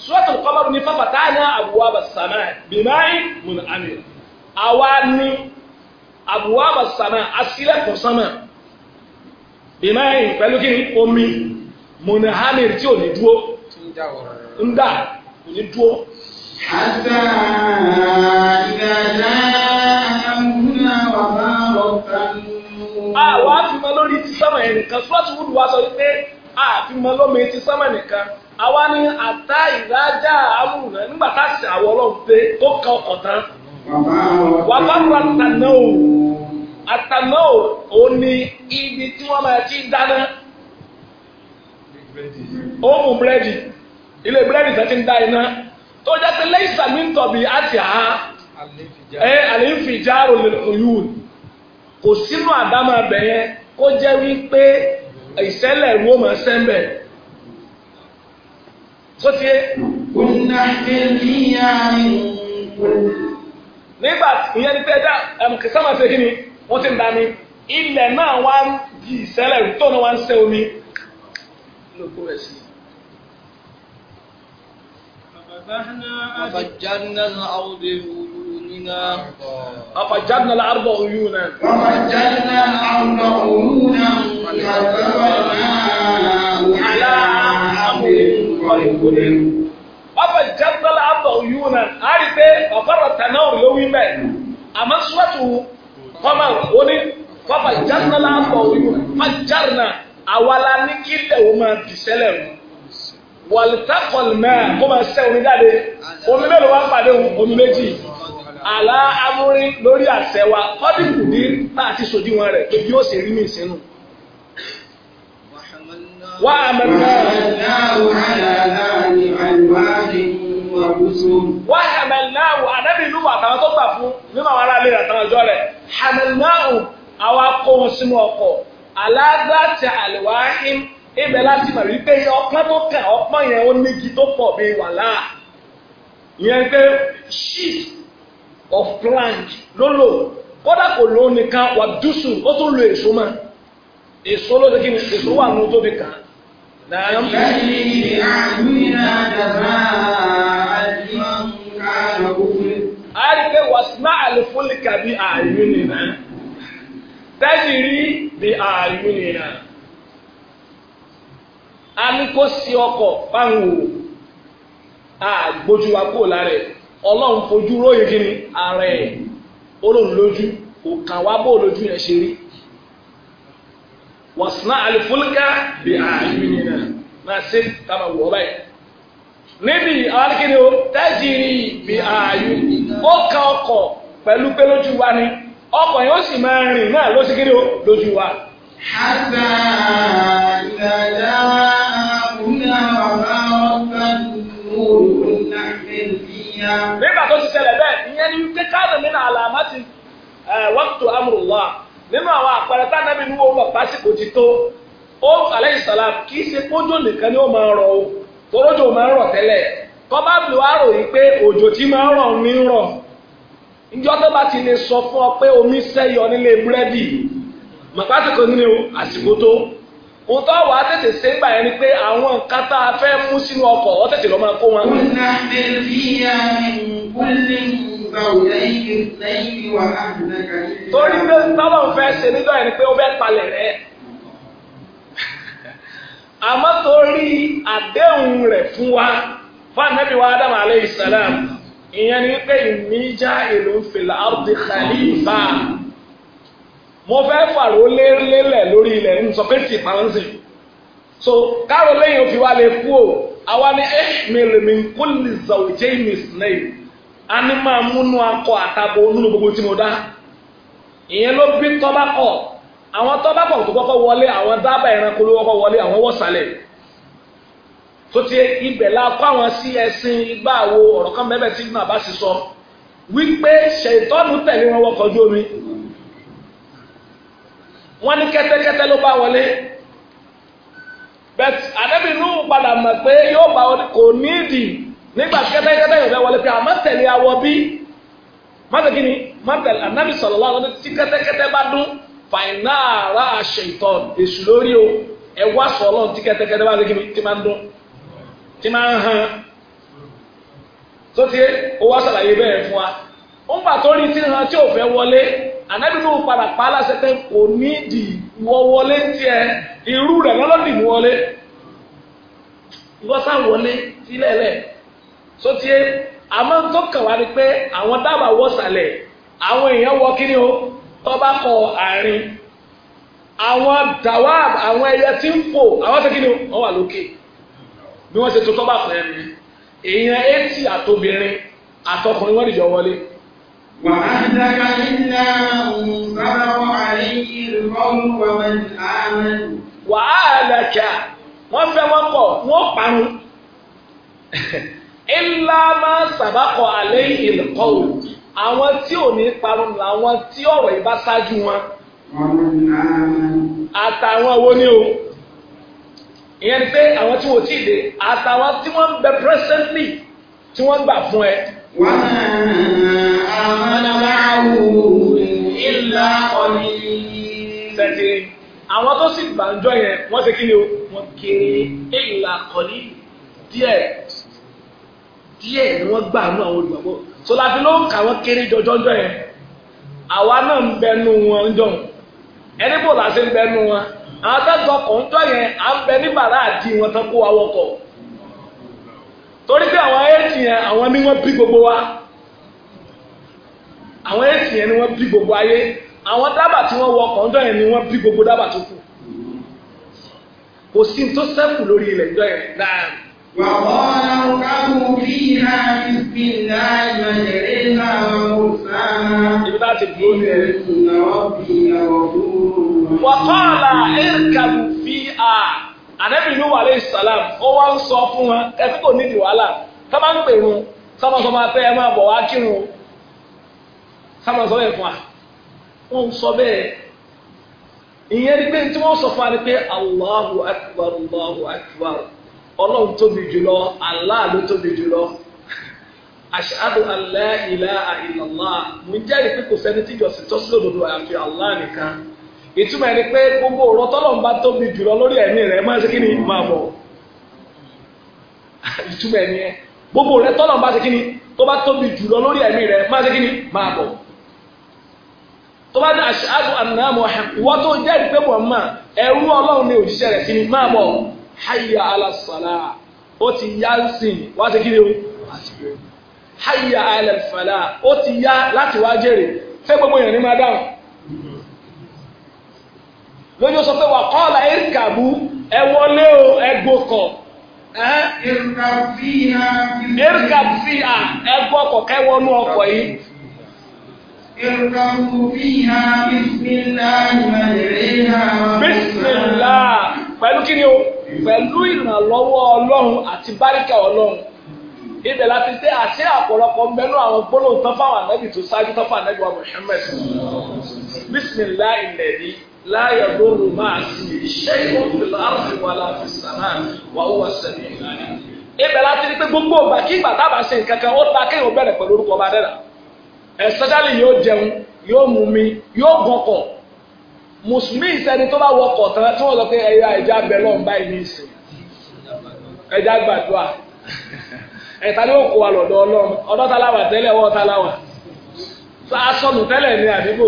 suratul qamar ní fàfàtà náà àbúrò àbàṣà náà bìmáì mùnàmì àwa ní. àbúwá bàṣánà asílẹ̀kùn sánà bìmáyìn pẹ̀lú kí ni omi monahamir tí ò ní dúó ń dà kò ní dúó. Àwọn àfimọ́ lórí ti sánmà ẹ̀ nìkan, Wúdù wá sọ wípé àfimọ́ ti sánmà nìkan. Àwa ni àtà ìdájá àmúnà a àwọ̀ wàbára tànáwò àtànáwò òun ni ibi tí wọ́n máa ti dáná ohun búrẹ́dì ilé búrẹ́dì tó ti ń dá iná tó jẹ́ pé lẹ́yìn sàmì ń tọ̀bì àti àá ẹ àlèéfìjárò lòyún kò sínú àdámọ̀ abẹ̀ kó jẹ́ wípé ìṣẹ̀lẹ̀ wo máa ṣẹlẹ̀ tó ti yé. kò náà kò nígbà ìyẹn ní tẹ́jà kìsàmà ṣe kí ni wọ́n ti ń dání ilẹ̀ náà wá ń di ìṣẹ̀lẹ̀ tó ní wá ń ṣe omi lóko rẹ̀ sí. ففجرنا الأرض عيونا أفجرنا الأرض عيونا ففجرنا على أمر قد قدر ọbẹ̀ jẹ́ńtẹ́lá àbọ̀ yúnà á rí pé ọ̀fọ̀rọ̀ tẹ̀lé òun ló wí bẹ́ẹ̀ àmọ́ sọ́ọ̀tù kọ́mà òní kọ́mà jẹ́ńtẹ́lá àbọ̀ yúnà má jẹ́rìnà àwàlá ní kílẹ̀ òun máa dì sẹ́lẹ̀ mu wàlítàkọ̀lì náà kó máa sẹ́ omi jáde omi mélòó wá pàdé omi méjì àlá amúrin lórí àṣẹ wa kọ́dìkù ní bá àti sòdiwọ̀n rẹ̀ pé yóò sì rí mi sínú. wàhámẹ́nà wàhámẹ́nà àlùwádìí wà kúso. wọ́n hàmẹ́lẹ́wò ànábì inú wà táwọn tó gbà fún nínú àwọn aráàlú rẹ̀ àtàwọn ọjọ́ rẹ̀ hàmẹ́lẹ́wò àwọn akó wọn sínú ọkọ̀ alágbàtà àlùwáhìn ibẹ̀ láti mọ̀ wípé ọpọ́n tó kàn ọpọ́n yẹn ó nígi tó pọ̀ bí wàhálà ìyẹn pé sheet of plank ló lò kódà kò lóun nìkan wà dùsùn ó tún lo èso mọ́ èso ló ti kí ni èso wà nù tóbi kàn لا نجزي بأعيننا جزاء لمن كان كفر àríkè wàsímà àlùfólìkà bí ààyè nìyà tẹ́lì rí bí ààyè nìyà a ní kó sí ọkọ̀ fáwọn òwò àgbójú wa kúrò lára ọlọ́run fojú róye kí ni ara ẹ̀ ó bó lójú yẹn ṣe rí wasana alifulka bi ayunina na se kama wọ báyìí níbi alikini o tajiri bi ayunina ka ọkọ̀ pẹ̀lú pe lójú wa ni ọkọ̀ yẹn o lójú wa. Hàtà ìdájá àkúnyà ọ̀rá ọ̀fẹ́ nùrù nàìjíríà. Nígbà tó ti ṣẹlẹ̀ bẹ́ẹ̀, ìyẹn ni pé káàdùn mi waqtu amrullah. nínú àwọn àpẹẹrẹ tánàbí ní wọn lọ pásìkò ti tó ó aláyhi sàlám kì í ṣe pójò nìkan ni ó máa rọ o torójò máa ń rọ tẹ́lẹ̀ tọ́ba bí wàá rò yìí pé òjò tí máa ń rọ ní rọ njọ́ tó bá ti lè sọ fún ọ pé omi sẹ́yọ nílé búrẹ́dì màpásìkò nínú àsìkò tó kò òótọ́ wà á tètè ṣe gbà yẹn ni pé àwọn nǹkan tá a fẹ́ mú sínú ọkọ̀ ọ tètè lọ́ máa kó wọn. ó ná bẹ́ẹ̀ bí i àmì kúlẹ̀ torí pé tọ́lọ̀ ń fẹ́ ṣe níjọ́ ẹni pé ó fẹ́ palẹ̀ rẹ̀ àmọ́ torí àdéhùn rẹ̀ fún wa fáànẹ́bí wa Adam alayhi salam ìyẹn ni pé ìníjà ìlú fìlà ardi khalifa mo fẹ́ fàró lélẹ̀ lórí ilẹ̀ ń sọ pé tì pàǹsì so káàró lẹ́yìn òfin wa lè kú o àwa ni ẹ̀ mẹ́lẹ̀mí kúlì zàwùjẹ́ ìmìsìnẹ́yìn anima múnú akọ àtàbò nínú gbogbo tí mo dá ìyẹn ló bí tọ́ba kọ àwọn tọ́ba kọ tó kọ́kọ́ wọlé àwọn dábà ẹranko ló kọ́kọ́ wọlé àwọn wọ̀sálẹ̀ tó ti ibẹ̀ la kọ́ àwọn sí ẹ̀sìn igbá àwo ọ̀rọ̀ kan bẹ́ẹ̀ tí náà bá sì sọ wípé ṣètọ́nù tẹ̀lé wọn wọkọ̀ ojú omi wọ́n ní kẹ́tẹ́kẹ́tẹ́ ló bá wọlé bẹ́ẹ̀ adébínú padà mọ̀ pé yóò bá wọlé kò ní ìdì nígbà kẹ́tẹ́kẹ́tẹ́ yóò fẹ́ wọlé pé àmọ́ tẹ̀lé awọ bí mọ́tẹ́kì ni mọ́tẹ́lẹ̀ anábì sọ̀rọ̀ lọ́wọ́ kẹ́tẹ́kẹ́tẹ́ bá dún o ọlọ́run kẹ́tẹ́kẹ́tẹ́ bá tí máa ń ti bẹ́ẹ̀ fún wa ó ń tó rí tí han tí ò fẹ́ wọlé padà pa á láṣẹ pé kò ní ìdì wọ wọlé irú rẹ̀ tó tiẹ̀ àmọ́ e, tó kàn wá ni pé àwọn dábàá wọ sàlẹ̀ àwọn èèyàn wọ kí ni o tó bá kọ àárín àwọn dàwa àwọn ẹyẹ tí ń fò àwọn tó kí ni o wọ́n wà lókè bí wọ́n ṣe tó tọ́ bá fún ẹni èèyàn etí àtobìnrin àtọkùnrin wọ́n dìjọ wọlé. wà á dáká nínú òǹkàbáwọ̀ àríyí ìrọ̀rùn wàmẹ́n àmẹ́n. wà á lẹ̀kà wọ́n fẹ́ wọ́n kọ̀ wọ́n parun ńlá máa sàbákọ̀ alẹ́ ìlẹ̀kọ́ o àwọn tí ò ní parun làwọn tí ọ̀rọ̀ ìbá ṣáájú wọn. àtàwọn wo ni o ìyẹn ni pé àwọn tí wọ́n ti dé àtàwọn tí wọ́n ń bẹ presently tí wọ́n ń gbà fún ẹ. wọ́n àwọn aráàlú ìlà ọ̀nì. sẹ́tìrì àwọn tó sì gbàǹjọ yẹn wọ́n ṣe kí ni o wọ́n kéré ìlà ọ̀nì díẹ̀ díẹ̀ ni wọ́n gbà nú àwọn olùgbàgbọ́ so láti ló ń kà wọ́n kéré jọjọ́jọ́ yẹn àwa náà ń bẹnu wọn jọ ẹni bò láti ń bẹnu wọn àwọn akẹ́kọ̀ọ́ kọ̀ ń jọ yẹn à ń bẹ níbàrá àti wọn tán kó wa wọkọ̀ torí pé àwọn éèjì yẹn àwọn ni wọ́n bí gbogbo wa àwọn éèjì yẹn ni wọ́n bí gbogbo ayé àwọn dábà tí wọ́n wọ kọ̀ ń jọ yẹn ni wọ́n bí gbogbo dábà tó kù kò sí tó sẹ́kù lórí ilẹ̀ jọ yẹn dáadáa. وقال اركبوا فيها بسم الله مجريها ومرساها إن ربي وقال اركبوا فيها anabi nuhu alayhi salam ó wá ń sọ fún wa ẹbí kò nídìí wàhálà tá ń pè wọn sábà sọ máa fẹ́ ẹ máa bọ̀ wá kírun sábà sọ fún wa sọ ìyẹn ni pé tí sọ fún wa ni pé Allahu akbar Allahu akbar. ọlọ́run tóbi jùlọ Allah ló tóbi jùlọ ashhadu an la ilaha illallah mo ń jẹ́rìí pé kò sẹ́ni tíjọ́sìn tọ́ sí lòdòdó àyàfi Allah nìkan ìtumọ̀ ẹni pé gbogbo ọ̀rọ̀ tọ́lọ́run bá tóbi jùlọ lórí ẹ̀mí rẹ̀ máa ṣe kí ni máa bọ̀ ìtumọ̀ ẹni ẹ gbogbo rẹ̀ tọ́lọ́run bá ṣe kí ni tó bá tóbi jùlọ lórí ẹ̀mí rẹ̀ máa ṣe kí ni máa bọ̀ tó bá ní ashhadu anna Muhammad ìwọ́n tó jẹ́rìí pé hayya ala salah o ti yá sìn wá sí kíni o àsìkò hayya ala falah ó ti yá láti wá jèrè ṣé gbogbo èèyàn ní máa dáhùn lójú sọ pé wà qala irkabu ẹ wọlé o ẹ gbókọ̀ irkab fiha ẹ gbókọ̀ kẹ́ wọnú yìí. pẹ̀lú kí ni o pẹ̀lú ìrànlọ́wọ́ ọlọ́run àti báríkà ọlọ́run ibẹ̀ láti dé àṣẹ àpọ̀lọpọ̀ mẹ́nu àwọn gbólóhùn tán fáwọn ànábì tó ṣáájú tán fáwọn ànábì wa Muhammad bisimilahi lẹ́ni láyọ̀ lóru máa sì ṣe ìwọ̀nfìlà àrùn wa láti sàmà wà ó wà sẹ́ni ìlànà. ibẹ̀ láti rí pé gbogbo ìgbà kí ìgbà tábà ṣe nǹkan kan ó ta kéèyàn bẹ̀rẹ̀ pẹ̀lú orúkọ ọba dẹ́rà ẹ̀sọ́dálì yóò jẹun yóò mú mi yóò gbọ́kọ̀ mùsùlùmí ìsẹni tó bá wọkọ̀ tán tí wọ́n lọ pé ẹ̀yà ẹja bẹ̀lọ̀ ń báyìí ní ìsìn ẹja gbàdúrà ẹ̀ta ni ó kó wa lọ́dọ̀ ọlọ́run ọdọ́ taláwà tẹ́lẹ̀ ọwọ́ taláwà tẹ́lẹ̀ ní àdúgbò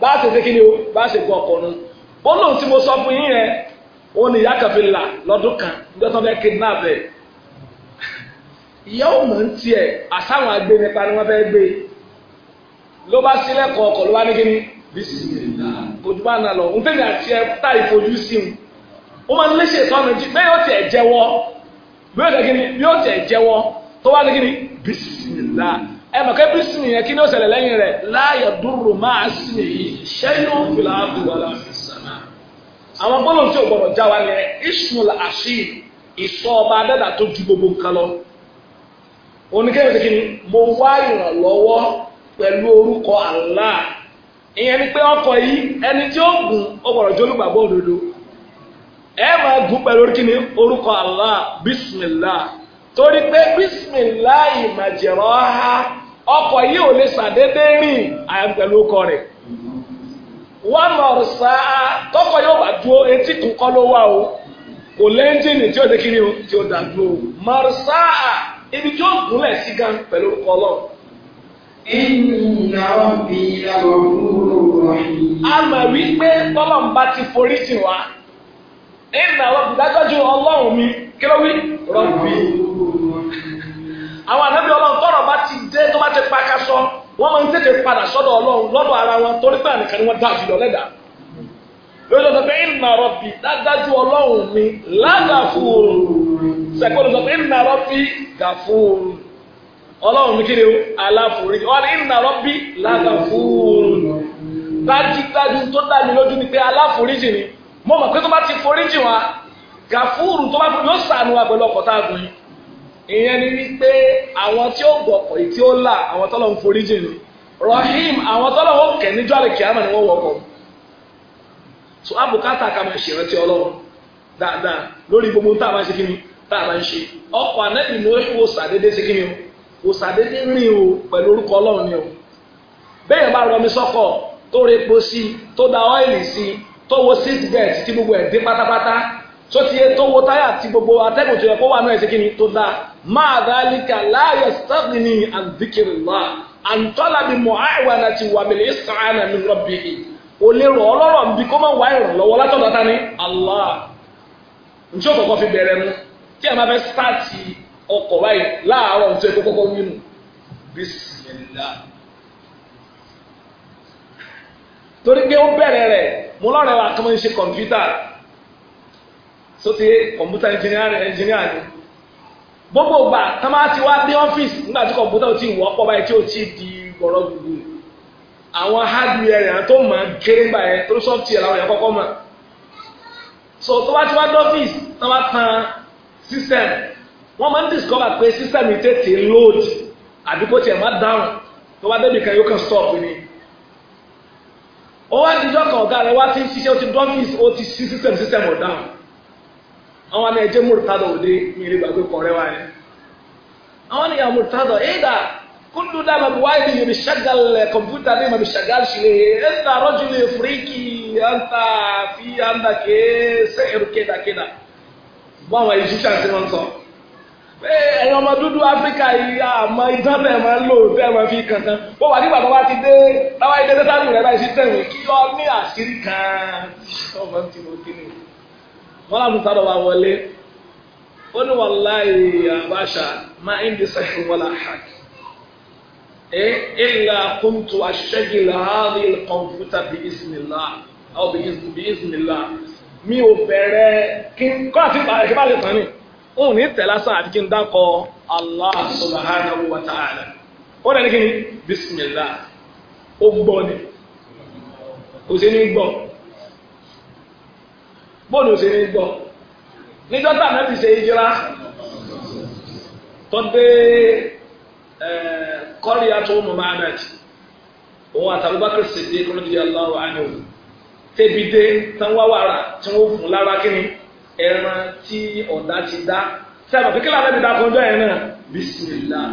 bá ṣe ṣe o bá ṣe tí mo sọ fún yín yẹn ìyá ló bá sílẹ̀kọ̀ ọkọ̀ ló bá ní kíní kojú bá nà lọ nfẹ́ mi àti ẹ tá ìfojú sí mu ó máa ń léṣe ìtọ́nà jí bẹ́ẹ̀ yóò tẹ̀ jẹ́wọ́ bí yóò tẹ̀ kíní bí yóò tẹ̀ jẹ́wọ́ tó bá ní kíní bisimilá ẹ mọ̀ kẹ́ bisimilá yẹn kí ni ó ṣẹlẹ̀ lẹ́yìn rẹ̀ láàyè dúró máa sìn èyí ṣẹ́yìn òfìlà àbúwọ̀lá sànà àwọn gbọ́dọ̀ tí ò gbọ́dọ̀ já wa ni ìṣùn àṣì ìsọ ọba adẹ́dà tó ju gbogbo nǹkan lọ oníkẹ́yìn pẹ̀lú orúkọ Allah ìyẹn ni pé ọkọ̀ yìí ẹni tí ó gùn ó gbọ́dọ̀ jẹ́ òdodo ẹ máa gùn pẹ̀lú kíni orúkọ Allah bísmìlá. torí pé bísmìlá ìmàjẹ̀rọ̀ ha ọkọ̀ yìí ò lè ṣàdédé rìn ọkọ rẹ̀ wọ́n mọ̀ yóò bá dúró etí kún kọ́ ló wà o kò lẹ́ńjìnì tí ó dé tí ó ibi tí ó Inna A mọ̀ wípé Ọlọ́run bá ti forí jì wá. Inna rabbi dájọ́jú Ọlọ́run mi kí ló wí? Rabbi. Àwọn ànábì Ọlọ́run tọ́rọ̀ bá ti dé tó bá ti pa ká sọ, wọ́n máa ń tètè padà sọ́dọ̀ Ọlọ́run lọ́dọ̀ ara wọn torí pé ànìkan ni wọ́n dá àjùlọ lẹ́dàá. Lórí lọ́sọ̀ pé inna rabbi dájọ́jú Ọlọ́run mi lagafurur. Sẹ́kọ̀ọ́ lọ́sọ̀ pé inna rabbi gafurur ọlọ́run mi kéde aláforíjì ọ̀rẹ́ ìrìnà rọ́bí látàfúrú dájúdájú tó dá lójú ni pé aláforíjì ni mo mọ̀ pé tó bá ti foríjì wa gàfúrù tó bá fún mi ó sànù wa pẹ̀lú ọkọ̀ tá a gùn yìí ìyẹn ni wípé àwọn tí ó gbọ̀kọ̀ tí ó là àwọn tọ́lọ̀ foríjì ni rahim àwọn tọ́lọ̀ ó kẹ̀ níjọ́ àlè kíámà ni wọ́n wọkọ̀ so abùkátà ká máa ṣèrántí ọlọ́run dáadáa lórí gbogbo tá a máa ṣe kí ni tá a máa ń ṣe ọkọ̀ ànẹ́bì ni ó ṣàdédé ṣe kí ni o kò rìn o pẹ̀lú orúkọ ọlọ́run ni o bẹ́ẹ̀ bá rọmi sọ́kọ̀ tó repo sí i tó da ọ́ìlì sí i tó wo seat gbogbo ẹ̀ dé pátápátá tó ti gbogbo atẹ́gùn tó yẹ kó wà náà tó da máa dálíkà láàyè sábì ní àǹdíkìrìlá àǹtọ́làbí mọ̀ àìwá náà ti wà mílí ìsàánà mi rọ̀bì o lè rọ̀ ọlọ́rọ̀ nbí kó má wá ìrànlọ́wọ́ látọ̀dọ̀ ni Allah njẹ́ òkòkò fi bẹ̀rẹ̀ mu máa ọkọ̀ báyìí láàárọ̀ tó ẹ̀kọ́ kọ́kọ́ nínú bísímìlá. torí pé ó bẹ̀rẹ̀ rẹ̀ mo lọ́rẹ̀ wa kọ́ máa ń ṣe kọ̀ǹpútà sóti kọ̀ǹpútà ẹnjìníà ni gbogbo ìgbà tá máa ti wá dé ọ́fíìsì nígbà tí kọ̀ǹpútà ò tí ì báyìí tí ò tí di gbọ̀rọ̀ gbogbo àwọn hardware rẹ̀ tó máa kéré gbà yẹn torí software làwọn yẹn kọ́kọ́ mọ̀ so tó bá ti wá dọ́fíìsì tó bá tan system wọ́n máa ń discover pé system yìí tètè load àdúgbò tiẹ̀ má dáhùn tó bá débi kan yóò kàn stop ni ó wá dídọ́ kan ọ̀gá rẹ̀ wá ti ń ṣiṣẹ́ ó ti dọ́fíìsì ó ti ṣí system system ọ̀ dáhùn àwọn àmì ẹ̀jẹ̀ mùrùtádọ̀ òde mi rí gbàgbé kan rẹ̀ wá rẹ̀ àwọn ènìyàn mùrùtádọ̀ ẹ̀dà kúndú dáàmà bí wáyé ni yòbí ṣàgàlẹ̀ kọ̀mpútà ní màbí ṣàgàlẹ̀ ṣìlẹ̀ ẹ̀ńtà rọ́júlẹ̀ fúríkì ẹ̀ńtà fi ẹ̀ńtà kéé sẹ́yìn kédàkédà bọ́ àwọn egyptian ti wọ́n sọ ẹ̀yin ọmọ dúdú áfíríkà yìí àmọ́ ìtàn tẹ̀ máa ń lò tẹ̀ máa fi kàn tán bó wà nígbà tó bá ti dé táwa ilé tẹ́tà lù rẹ̀ báyìí sí tẹ̀wé kí ọ ní àṣírí kan ọmọ ti wò kí ni wọn làwọn tó tàdọ̀ wá wọlé ó ní wọn láì àbáṣà máa ń di sẹ́yìn wọn là hàk ẹ ìlà kúntù àṣẹ́gi làárí kọ̀ǹpútà bí ìsìnlá ọ̀ bí ìsìnlá mi ò bẹ̀rẹ̀ kí n kọ́ àti ìbá òun ní tẹ̀ lásán àti kí n dákọ̀ Allah subhanahu wa ta'ala ó dẹ̀ ní kí ni bismillah ó gbọ́ ni kò sí ní gbọ́ bóòlù ò sí ní gbọ́ níjọ́ tá àná ti ṣe ìjìra tó kọ́rí àtúwò Muhammad òun àtàlùbákẹ́ Siddiq tẹ́bi dé tán wá wàrà tí wọ́n fún lára ẹran tí ọ̀dá ti dá sábà pé kílà lẹ́bi dákọ̀ ọjọ́ yẹn náà bismillah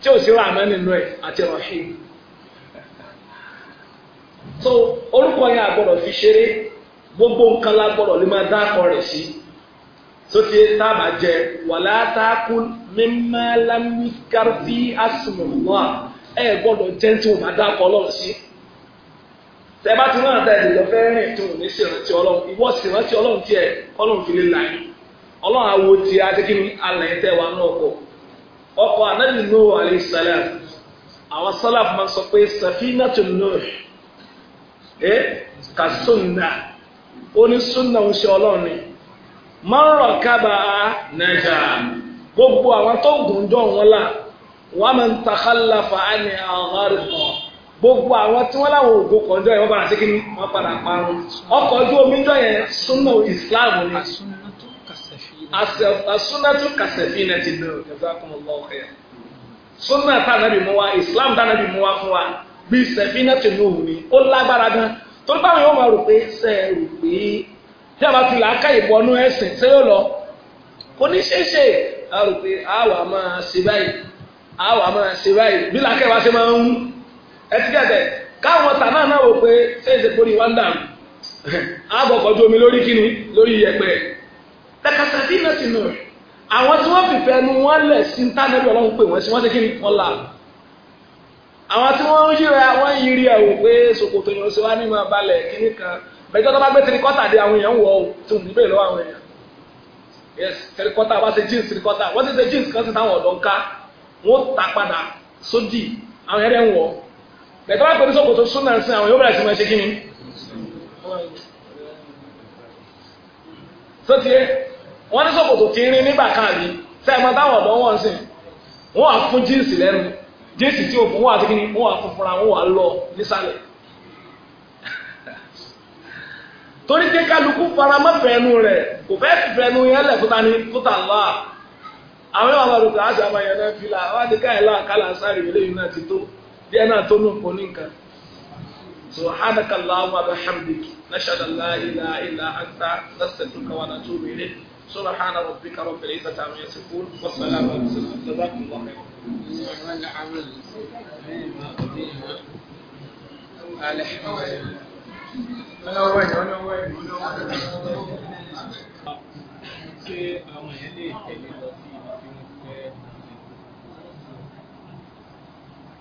tí ò sí ràmẹ́ nínú ẹ̀ àti rahim so orúkọ yẹn àgbọ̀dọ̀ fi ṣeré gbogbo nǹkan la gbọ́dọ̀ lè máa dákọ̀ rẹ̀ sí sóti tábà jẹ wàlá tákùn mímọ́ lámìkárfí asùnmùnúà ẹ gbọ́dọ̀ jẹ́ tí wọ́n máa dákọ̀ ọlọ́run sí. tẹ bá ti rán àtà ìdìjọ fẹ́ rìn tó ní ṣèrántí ọlọ́run ìwọ ṣèrántí ọlọ́run tiẹ̀ ọlọ́run fi lè là yín àwo ti adékìní tẹ wà ní àwọn máa sọ pé sàfínà tó ẹ kà ni kábà gbogbo àwọn tó gùn jọ wọn máa ń á ní àwọn àrùn gbogbo àwọn tí wọ́n láwọn ògo kọjọ́ yẹn wọ́n padà sí omi jọ yẹn suno Islam ni asúnàtú kàsẹ̀fì náà ti dùn ẹ̀fọ́ akọ̀mọ̀ lọ́wọ́ kẹ́yà wa Islam tànàbì mú wa fún wa bí sẹ̀fì náà ti lóhùn ni ó lágbára gan tó ń yóò máa rò pé rò pé a bá a rò pé àwa máa ṣe báyìí àwa máa ṣe báyìí bí ẹtíkẹ́tẹ̀ káwọn tàná náà wò pé ṣéǹsì pórí wándàm àbọ̀kọ̀jú omi lórí kíni lórí yẹpẹ tẹkasàdí ti nù àwọn tí wọ́n fìfẹ́ nu wọ́n lẹ̀ sí ń tánẹ́bí ọlọ́run pé wọ́n sí kíni là àwọn tí yiri ẹ̀wò pé ṣòkòtò yẹn ṣe wá ní máa balẹ̀ kíní kan bẹ̀jọ́ tó bá gbé tirikọ́tà dé àwọn èèyàn wọ̀ tí lọ́wọ́ àwọn èèyàn wá ṣe jeans wọ́n ti ṣe jeans kan táwọn ọ̀dọ́ ń bẹ̀tẹ̀ wá pẹ̀lú sọ̀kòtò súnà sí àwọn yóò bẹ̀rẹ̀ sí máa ṣe kí ni. sọ́tiẹ́ wọ́n ní sọ̀kòtò kìíní nígbà kan rí sẹ́ẹ̀mọ́ táwọn ọ̀dọ́ wọn sìn wọ́n á fún jíǹsì lẹ́nu jíǹsì tí ò fún wọn àti kí ni wọ́n á fún fúnra wọn á lọ nísàlẹ̀. torí pé kálukú faramọ́ fẹ́ẹ́nu rẹ̀ kò fẹ́ fẹ́ẹ́nu yẹn lẹ̀ fúta ní fúta lọ́à àwọn yóò wá lọ́dún tó á جانا تونو كونينكا سبحانك اللهم وبحمدك نشهد ان لا اله الا انت نستغفرك ونتوب اليك سبحان ربك رب العزة عما يصفون والسلام على المرسلين جزاكم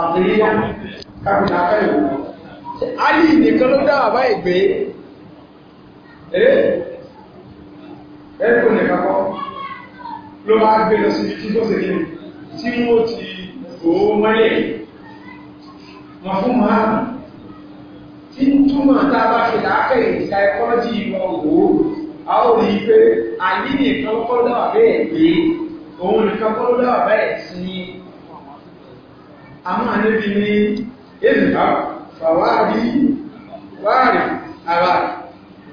àtìríyá kápùtà fẹ́lú alì nìkan ló dá àbá ìgbé ẹ̀ẹ́kùn nìkan kọ́ ló máa gbé lọ sí títí tó sèké tí wọ́n ti gbòó mọ́lẹ̀ wọ́n fún máa tí ń túmọ̀ tá a bá fi láàkẹ́ ìsà ẹkọ́lọ́jì wọn wò a ó rí i pé alì nìkan kọ́ lọ́wọ́ bẹ́ẹ̀ gbé òun nìkan kọ́ lọ́wọ́ bẹ́ẹ̀ sí àmọ́ àníbi ní èzìbá fàwárí wáàrí ara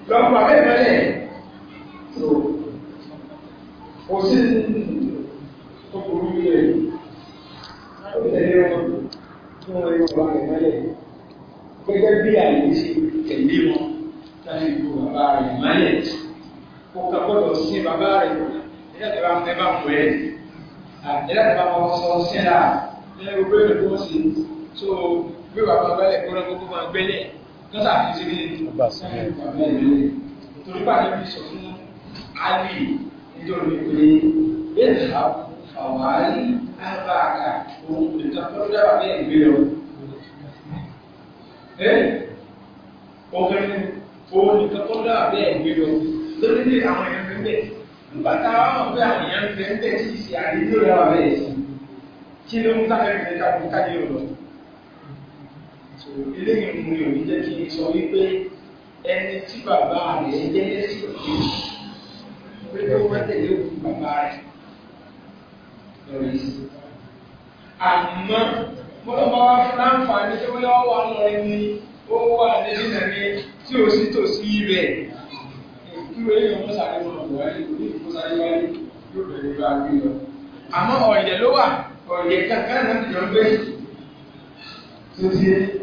lọ́pọ̀ abẹ́mẹ́lẹ̀ tó kò sí tó kúrú ilẹ̀ gẹ́gẹ́ bí àyè ṣe tẹ̀lé wọn láti gbò bàbá rẹ̀ mọ́lẹ̀ ó kàkọ́lọ̀ sí bàbá rẹ̀ ẹ̀dẹ́gbẹ̀rẹ̀ ẹ̀bá mọ̀ ẹ̀ ẹ̀dẹ́gbẹ̀rẹ̀ ọmọ sọ sí náà ẹ̀rọ bẹ́ẹ̀ ló ṣe so bí bàbá bá lẹ̀ kọ́ra gbogbo máa gbẹ́lẹ̀ lọ́sà fi ṣe kíni torí bá níbi sọ fún Ali nítorí pé ẹ̀ka àwárí àbáàkà ohun ìtàn tó dábàá bẹ́ẹ̀ gbé lọ. ọ̀gbẹ́ni ohun ìtàn tó dábàá bẹ́ẹ̀ gbé lọ lórí bí àwọn èèyàn bẹ́ẹ̀ bàtà àwọn ọ̀gbẹ́ àwọn èèyàn bẹ́ẹ̀ bẹ́ẹ̀ sì ṣe àdéhùn rẹ̀ wà bẹ́ẹ̀ sí kí ló ń tàbí ẹ̀ka fún káàdì ọ̀rọ̀ eléyìn mú mi ò ní jẹ́ kí n sọ wípé ẹni tí bàbá rẹ̀ jẹ́ lẹ́sìn òkè pé kó wọ́n tẹ̀lé òkú bàbá rẹ̀ lọ́rọ̀ yìí àmọ́ mọ́lọ́mọ́ wá fún láǹfààní tó yọ́ wà lọ ní ó wà nílẹ̀ ní tí ó sì tò sí rẹ̀ kí wọ́n yóò mọ́ sáré mọ́ ọ̀gbọ̀n wáyé kò ní ìfọ́sáré wáyé yóò bẹ̀rẹ̀ lọ àgbé lọ àmọ́ ọ̀yẹ̀ ló wà proyectar cada vez. susah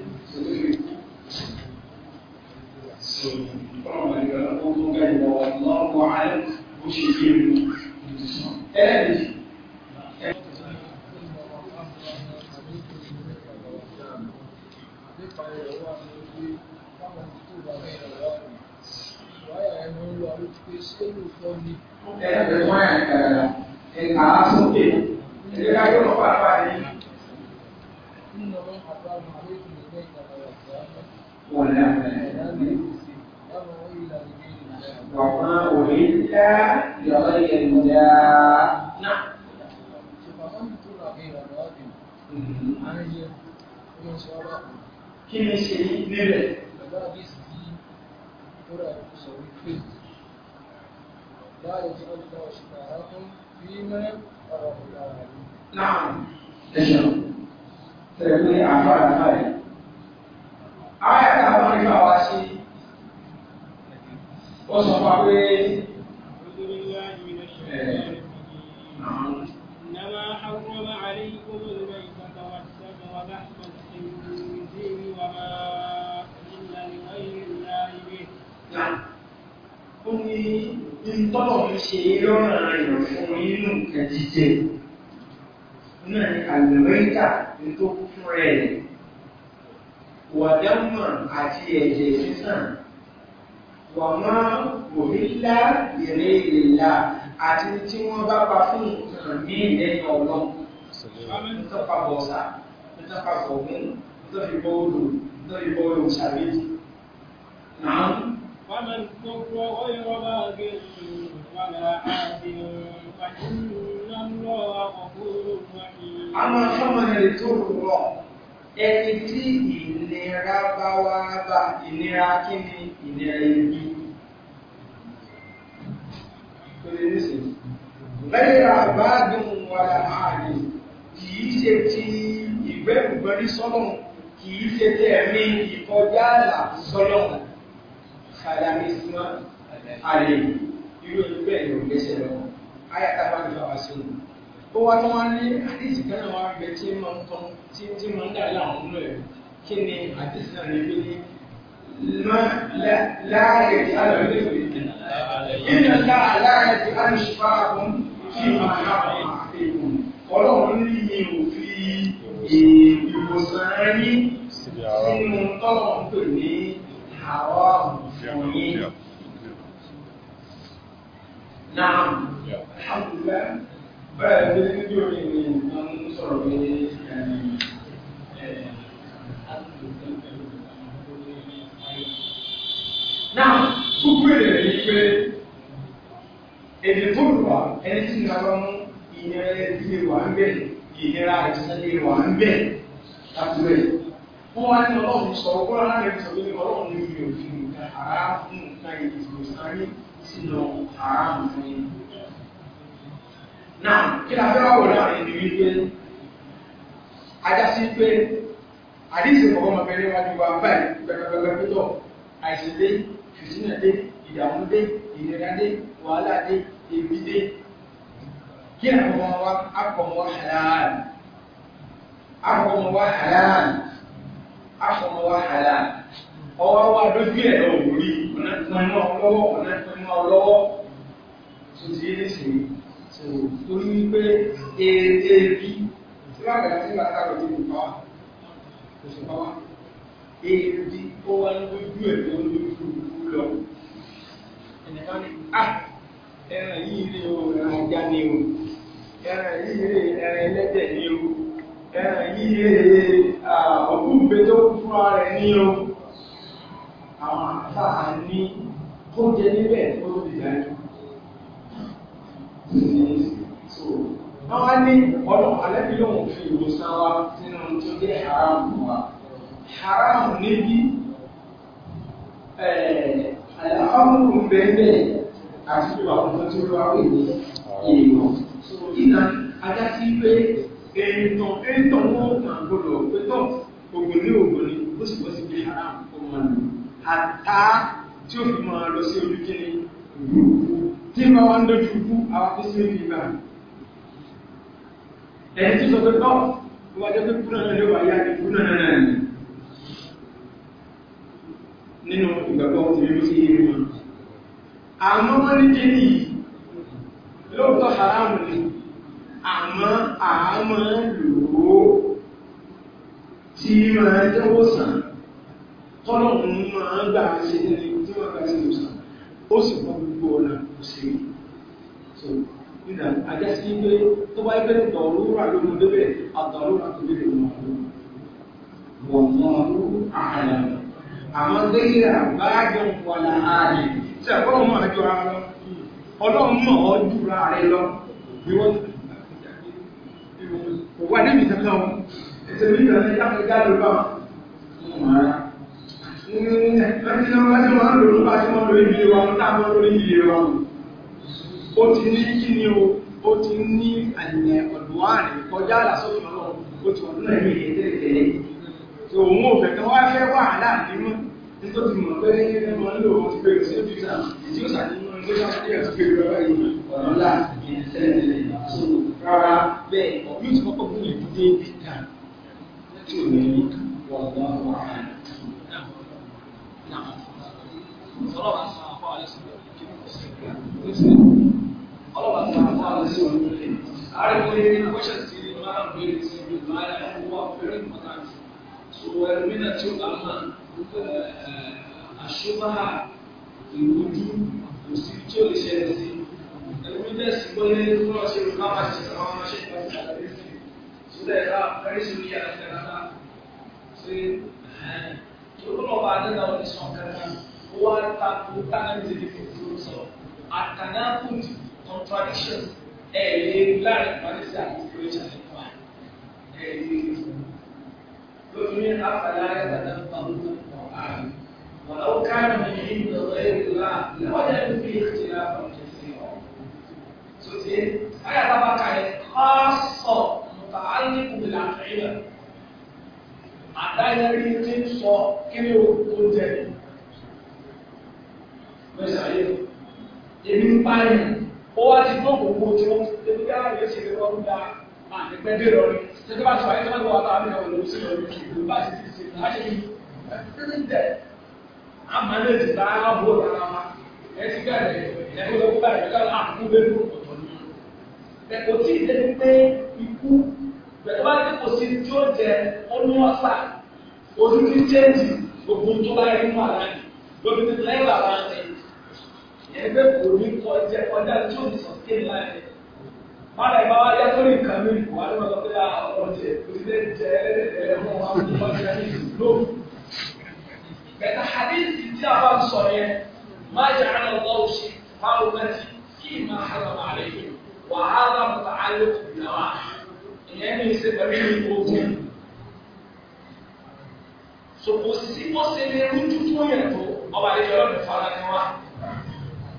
kí ni ṣe ní nílẹ̀ Náà, ẹ̀ṣọ́, tẹ̀lé àfáàfáà àti tí wọ́n bá pa fún nǹkan míì lẹ́yìn ọlọ́run tó pa bọ̀ ọ̀sà tó pa bọ̀ ọ̀gbìn tó fi bọ́ odò tó fi bọ́ odò ṣàbíjì náà wọ́n mọ̀ tó kọ́ ọyọ́ bá gé a máa fọ́mọ rẹ̀ tó rọ̀ ẹni tí ìnira bá wá bá ìnira kí ni ìnira ibi torí nísìnyí lẹ́yìn àbádùn wàrà ààrẹ kìí ṣe ti ìgbẹ́rùgbẹ́rí sọ́lọ́run kìí ṣe ti ẹ̀mí ìkọjá àlà sọ́lọ́run sàdánísímá àlè irú ẹgbẹ́ ẹ̀rọ lẹ́sẹ̀ lọ ayàtàbá ní fàwà sí òun ó wá tó wá ní àdíjì kan náà wá bẹ tí máa ń ní ما لا لا يسأل عن إن الله لا يسأل شفاءكم فيما حرم عليكم ọlọ́run ní mi ò fi ìwòsàn rí sínú tọ́lọ̀ ń pè ní àwọn òfin náà alhamdulillah bẹ́ẹ̀ ní níbi orí ni wọ́n sọ̀rọ̀ ní ẹ̀ẹ́dẹ̀ẹ́dẹ́ náà kúkú rẹ̀ ní pé èdè tó wà ẹni tí ìnira bá mú ìnira ilé wà ń bẹ̀ ìnira ìsinmi wà ń bẹ̀ láti rẹ̀ wọ́n wá ní ọlọ́run sọ ọgbọ́n aláàrẹ̀ sọ pé ọlọ́run ní ìrìn òfin nǹkan àrá fún nǹkan ìdìbò sáré sínú àrá nǹkan yìí náà kí ni abẹ́rẹ́ wò láàrin ní wípé ajá sí pé àdíṣe kọ̀ọ̀kan máa bẹ̀rẹ̀ wájú wa báyìí pẹ̀lú pẹ̀lú pẹ̀lú àìsèlé ìdínà dé ìdààmú dé ìnira dé wàhálà dé ebi dé kí àwọn wa akọmọ halal akọmọ wa halal akọmọ wa halal ọwọ́ wa dójú ẹ̀ lọ òwúrí ọ̀nà pẹ̀lú ọlọ́wọ́ ọ̀nà pẹ̀lú ọlọ́wọ́ tó ti yé sí torí wípé ètè bí tí wọ́n gbà sí bàtà rẹ̀ tó kọ́ wa kò sí kọ́ wa ètè ó wá lójú ẹ̀ lọ lójú lọ ẹnìkan ní à ẹran yìí rí o ẹran ajá ni o ẹran yìí rí ẹran ẹlẹ́dẹ̀ ni o ẹran yìí rí ọ̀gbúngbẹ tó kú fún ara rẹ̀ ni o àwọn àtàà ní tó jẹ níbẹ̀ tó lè dájú Àwọn ní ọ̀nà àlẹ́bí lóhun fi ìwòsàn wa sínú tó jẹ́ haramu wa. Haramu níbi àmúrù bẹ́ẹ̀ àti pé àwọn ọmọ tí ó wá pè ní èèyàn so ìlà ajá sí pé ẹ̀ẹ̀tàn ẹ̀ẹ̀tàn wọ́n kàn gbọ́dọ̀ pẹ́tọ̀ ogun ní ogun ni ó sì bọ́ sí pé haram ọmọ lò àtà tí ó fi máa lọ sí ojú kíni tí ma wá ń dojú kú àwọn tó sí ojú ìgbà ẹni tí sọ pé tọ́ wọ́n jẹ́ pé kúrò náà ló wà yá ní náà náà nínú ìgbàgbọ́ òtìrí sí irú wọn àmọ́ wọ́n ní kí ní lóòtọ́ haramu ni àmọ́ àmọ́ lòó tí máa jẹ́wọ́ sàn tọ́lọ̀kùn máa gbà ṣe ní tí wọ́n gbà sí ìwòsàn ó sì pọ̀ gbogbo ọ̀nà kò sí so nígbà ajá sí pé tó bá gbé dọ̀rúra lóhun débẹ̀ àtọ̀rúra tó àmọ́ gbéyìrà báyọ̀ ààrẹ tí àkọ́lọ́ mọ̀ ẹjọ́ ara lọ ọlọ́run mọ̀ ọ́ jùra lọ ọ kò wà níbi kankan wọn ẹsẹ̀ mi kàn ní láti jáde bá wọn mọ̀ ara láti lò ló bá wa wọn táwọn wa wọn ó ti ní kí o ó ti ní kọjá òun ò kan wá fẹ́ wàhálà nínú nítorí mọ̀ pé ẹni mọ̀ nílò ti bèrè sí ibi ìsàn tí ó sàdínú ní ọjọ́ àti ẹ̀sùn pé ìrọ̀lá ìlú ọ̀rọ̀ ńlá ìṣẹ̀lẹ̀ tó rárá bẹ́ẹ̀ ọ̀bí ti kọ́kọ́ fún ìlú dé ibi ká tí ò ní wà wá wà á. ọlọ́wà sọ àpá alẹ́ sí ọ̀rọ̀ kí ọlọ́wà sọ àpá alẹ́ sí ọ̀rọ̀ kí wẹ̀rẹ̀mínàtì àmà àṣọ́bà ìrújú kò sí tí ó lè ṣẹlẹ̀ sí ẹ̀rẹ̀mínàtì gbọ́lé fún ọ̀ṣẹ́ ìpamàṣì àwọn ọmọṣẹ́ ìpamàṣì àlẹ́sìn sílẹ̀ ẹ̀ka kẹrìsì ní àtẹ̀rẹ̀ta sí olùkọ́ba adéga ọ̀dẹ̀ sàn kẹta ó wá takò tánàtì ní fòfòrò sọ àtànákùn contradiction ẹ̀ẹ́dẹ́gbẹ̀rẹ̀ pàdésì àti ìgbẹ̀rẹ̀ ṣàlẹ̀ fún wa ẹ̀ẹ́dẹ́gbẹ̀rẹ̀ تؤمن أفلا يتدبرون القرآن ولو كان من عند غير الله لوجدوا فيه اختلافا كثيرا. سوتين آية طبقة خاصة متعلق بالعقيدة. àdáyẹrí tí ń sọ kíní oúnjẹ mẹ́sàáyé èmi ń pa ẹ̀yìn ó wá ti gbọ́ gbogbo àtẹ̀pẹ́ ah, dé lọ́rí tẹ́tẹ́ bá sọ ayẹ́tẹ́ lọ́wọ́ àtàwọn àmì ọ̀nà òsì lọ́rí ìlú bá sì ti ṣe láti ní ẹ̀ẹ́dẹ́gbẹ́ tẹ̀ amánẹ́tì bá bó rárá wa ẹtí bẹ̀rẹ̀ ẹ̀kọ́ lọ́wọ́ bẹ̀rẹ̀ ká àkókò bẹ́ẹ̀ ló ọ̀tọ̀ ní. ẹ̀kọ́ tí ì débi pé ikú bẹ̀rẹ̀ bá dé kò sí tí ó jẹ ọdún ọ̀sà ojú ti chẹ́ǹtì gbogbo ní kọjá kọjá tí ò ní sọ wọn lè máa yá sórí nǹkan mi wọn á lè máa sọ pé ọ̀rọ̀ jẹ òṣìṣẹ́ jẹ ẹlẹ́dẹ̀ẹ́dẹ̀ wọn wọn á lè máa sọ ló. bẹ̀tà hadith tí a bá ń sọ yẹn máa jẹ àná lọ́wọ́ ṣe báwo bá ti kí máa hàlọ́ máa lè yẹ wà á bá mo ta á lè kù náà ìyẹn ní ìṣe pẹ̀lú ogun. sòkò sí bó ṣe lè rújú tó yẹ tó ọba ìjọba ìfara ni wá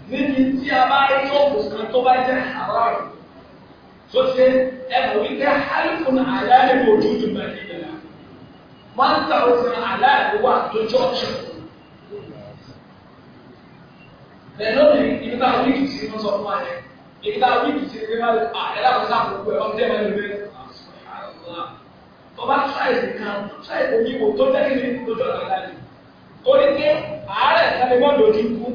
níbi tí a bá rí ọkùnrin kan tó bá jẹ àrárùn so ṣe ẹnu wípé halifun aláàlẹ bò dúdú mẹrin nìyà one thousand aláàlẹ wà tó chọọchì lẹ́nu ní ibi tá a wí kìí sí ní sọ fún wa yẹn ibi tá a wí kìí sí ní bá a ah, ẹ̀dá kò sáà gbogbo ẹ̀ ọ̀dẹ́ mẹ́rin mẹ́rin ọba ṣáìsì kan ṣáìsì omi tó jẹ́ kí ni lójú torí pé àárẹ̀ kan lè mọ́ lójú ikú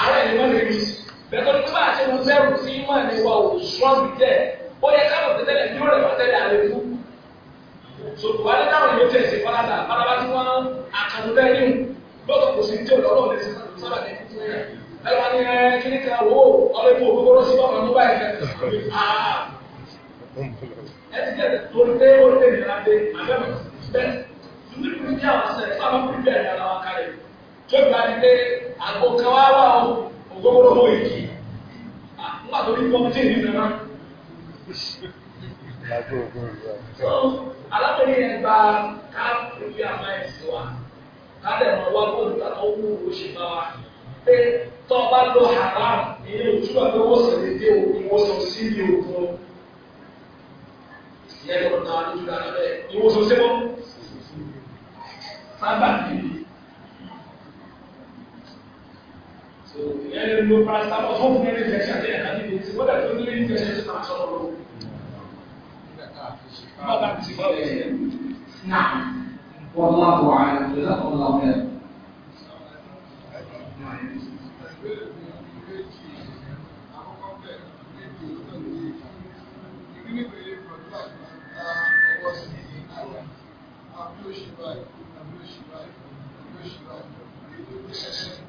àárẹ̀ lè mọ́ lójú ikú bẹ́tọ́ni pé bá a ṣe ń bẹ̀rù sí ìmọ̀ ni wa ò strong jẹ́ ó yẹ káwọn tẹ́tẹ́lẹ̀ ní òrè wọn tẹ́lẹ̀ àlè fún. sòtùwá ní káwọn yóò tẹ̀sí faradà faradà tí wọ́n àkàndó bẹ́ẹ̀ ní lọ́tọ̀ kò sí ní tí ò lọ́rọ̀ ní sábà ní fún yẹn. ẹ wá ní kíní kan wò ó ọlọ́ ìbò gbogbo sí bàbá ní báyìí kẹ́ ẹ ti jẹ́ torí pé ó lé nira dé àbẹ̀mọ̀ bẹ́ẹ̀ ṣùgbọ́n ìgbìyànjú àwọn sẹ̀ sábà pípẹ́ ìyàrá wa kárẹ̀ gbogbo owó èjì nígbà tó ní kọ́mítì ní ìrẹ́mà. alábẹ̀rẹ̀ yẹn gba káàkiri bí a máa ẹ̀sìn wa káàdẹ̀ máa wá bóòlù tàbí owó owó ṣe bá wa pé tó bá lọ haram ìyẹn ojú àti owó sọ̀rọ̀ èdè òkun wọ́n sọ sí ilé òkun ìyẹn lọ́nà àdójúkà rẹ̀ ìwòsàn símọ́ sábà nìyí. ìyẹn lè lo paracetamol fún fún ẹni infection àti ẹ̀ka níbi tí wọ́n dàbí onílé infection ti máa sọ̀rọ̀ lọ. bàbá ti bá wọ̀ ẹ̀ náà wọ́n máa wà á ẹ̀ lọ́kọ̀ lọ́kọ̀ ẹ̀. Thank you.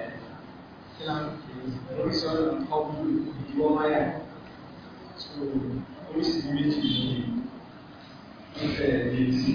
oríṣi ọ̀nà ọkùn ìdíwọ́ máyà so Always méjì ní ìfẹ̀ẹ̀lẹ̀ sí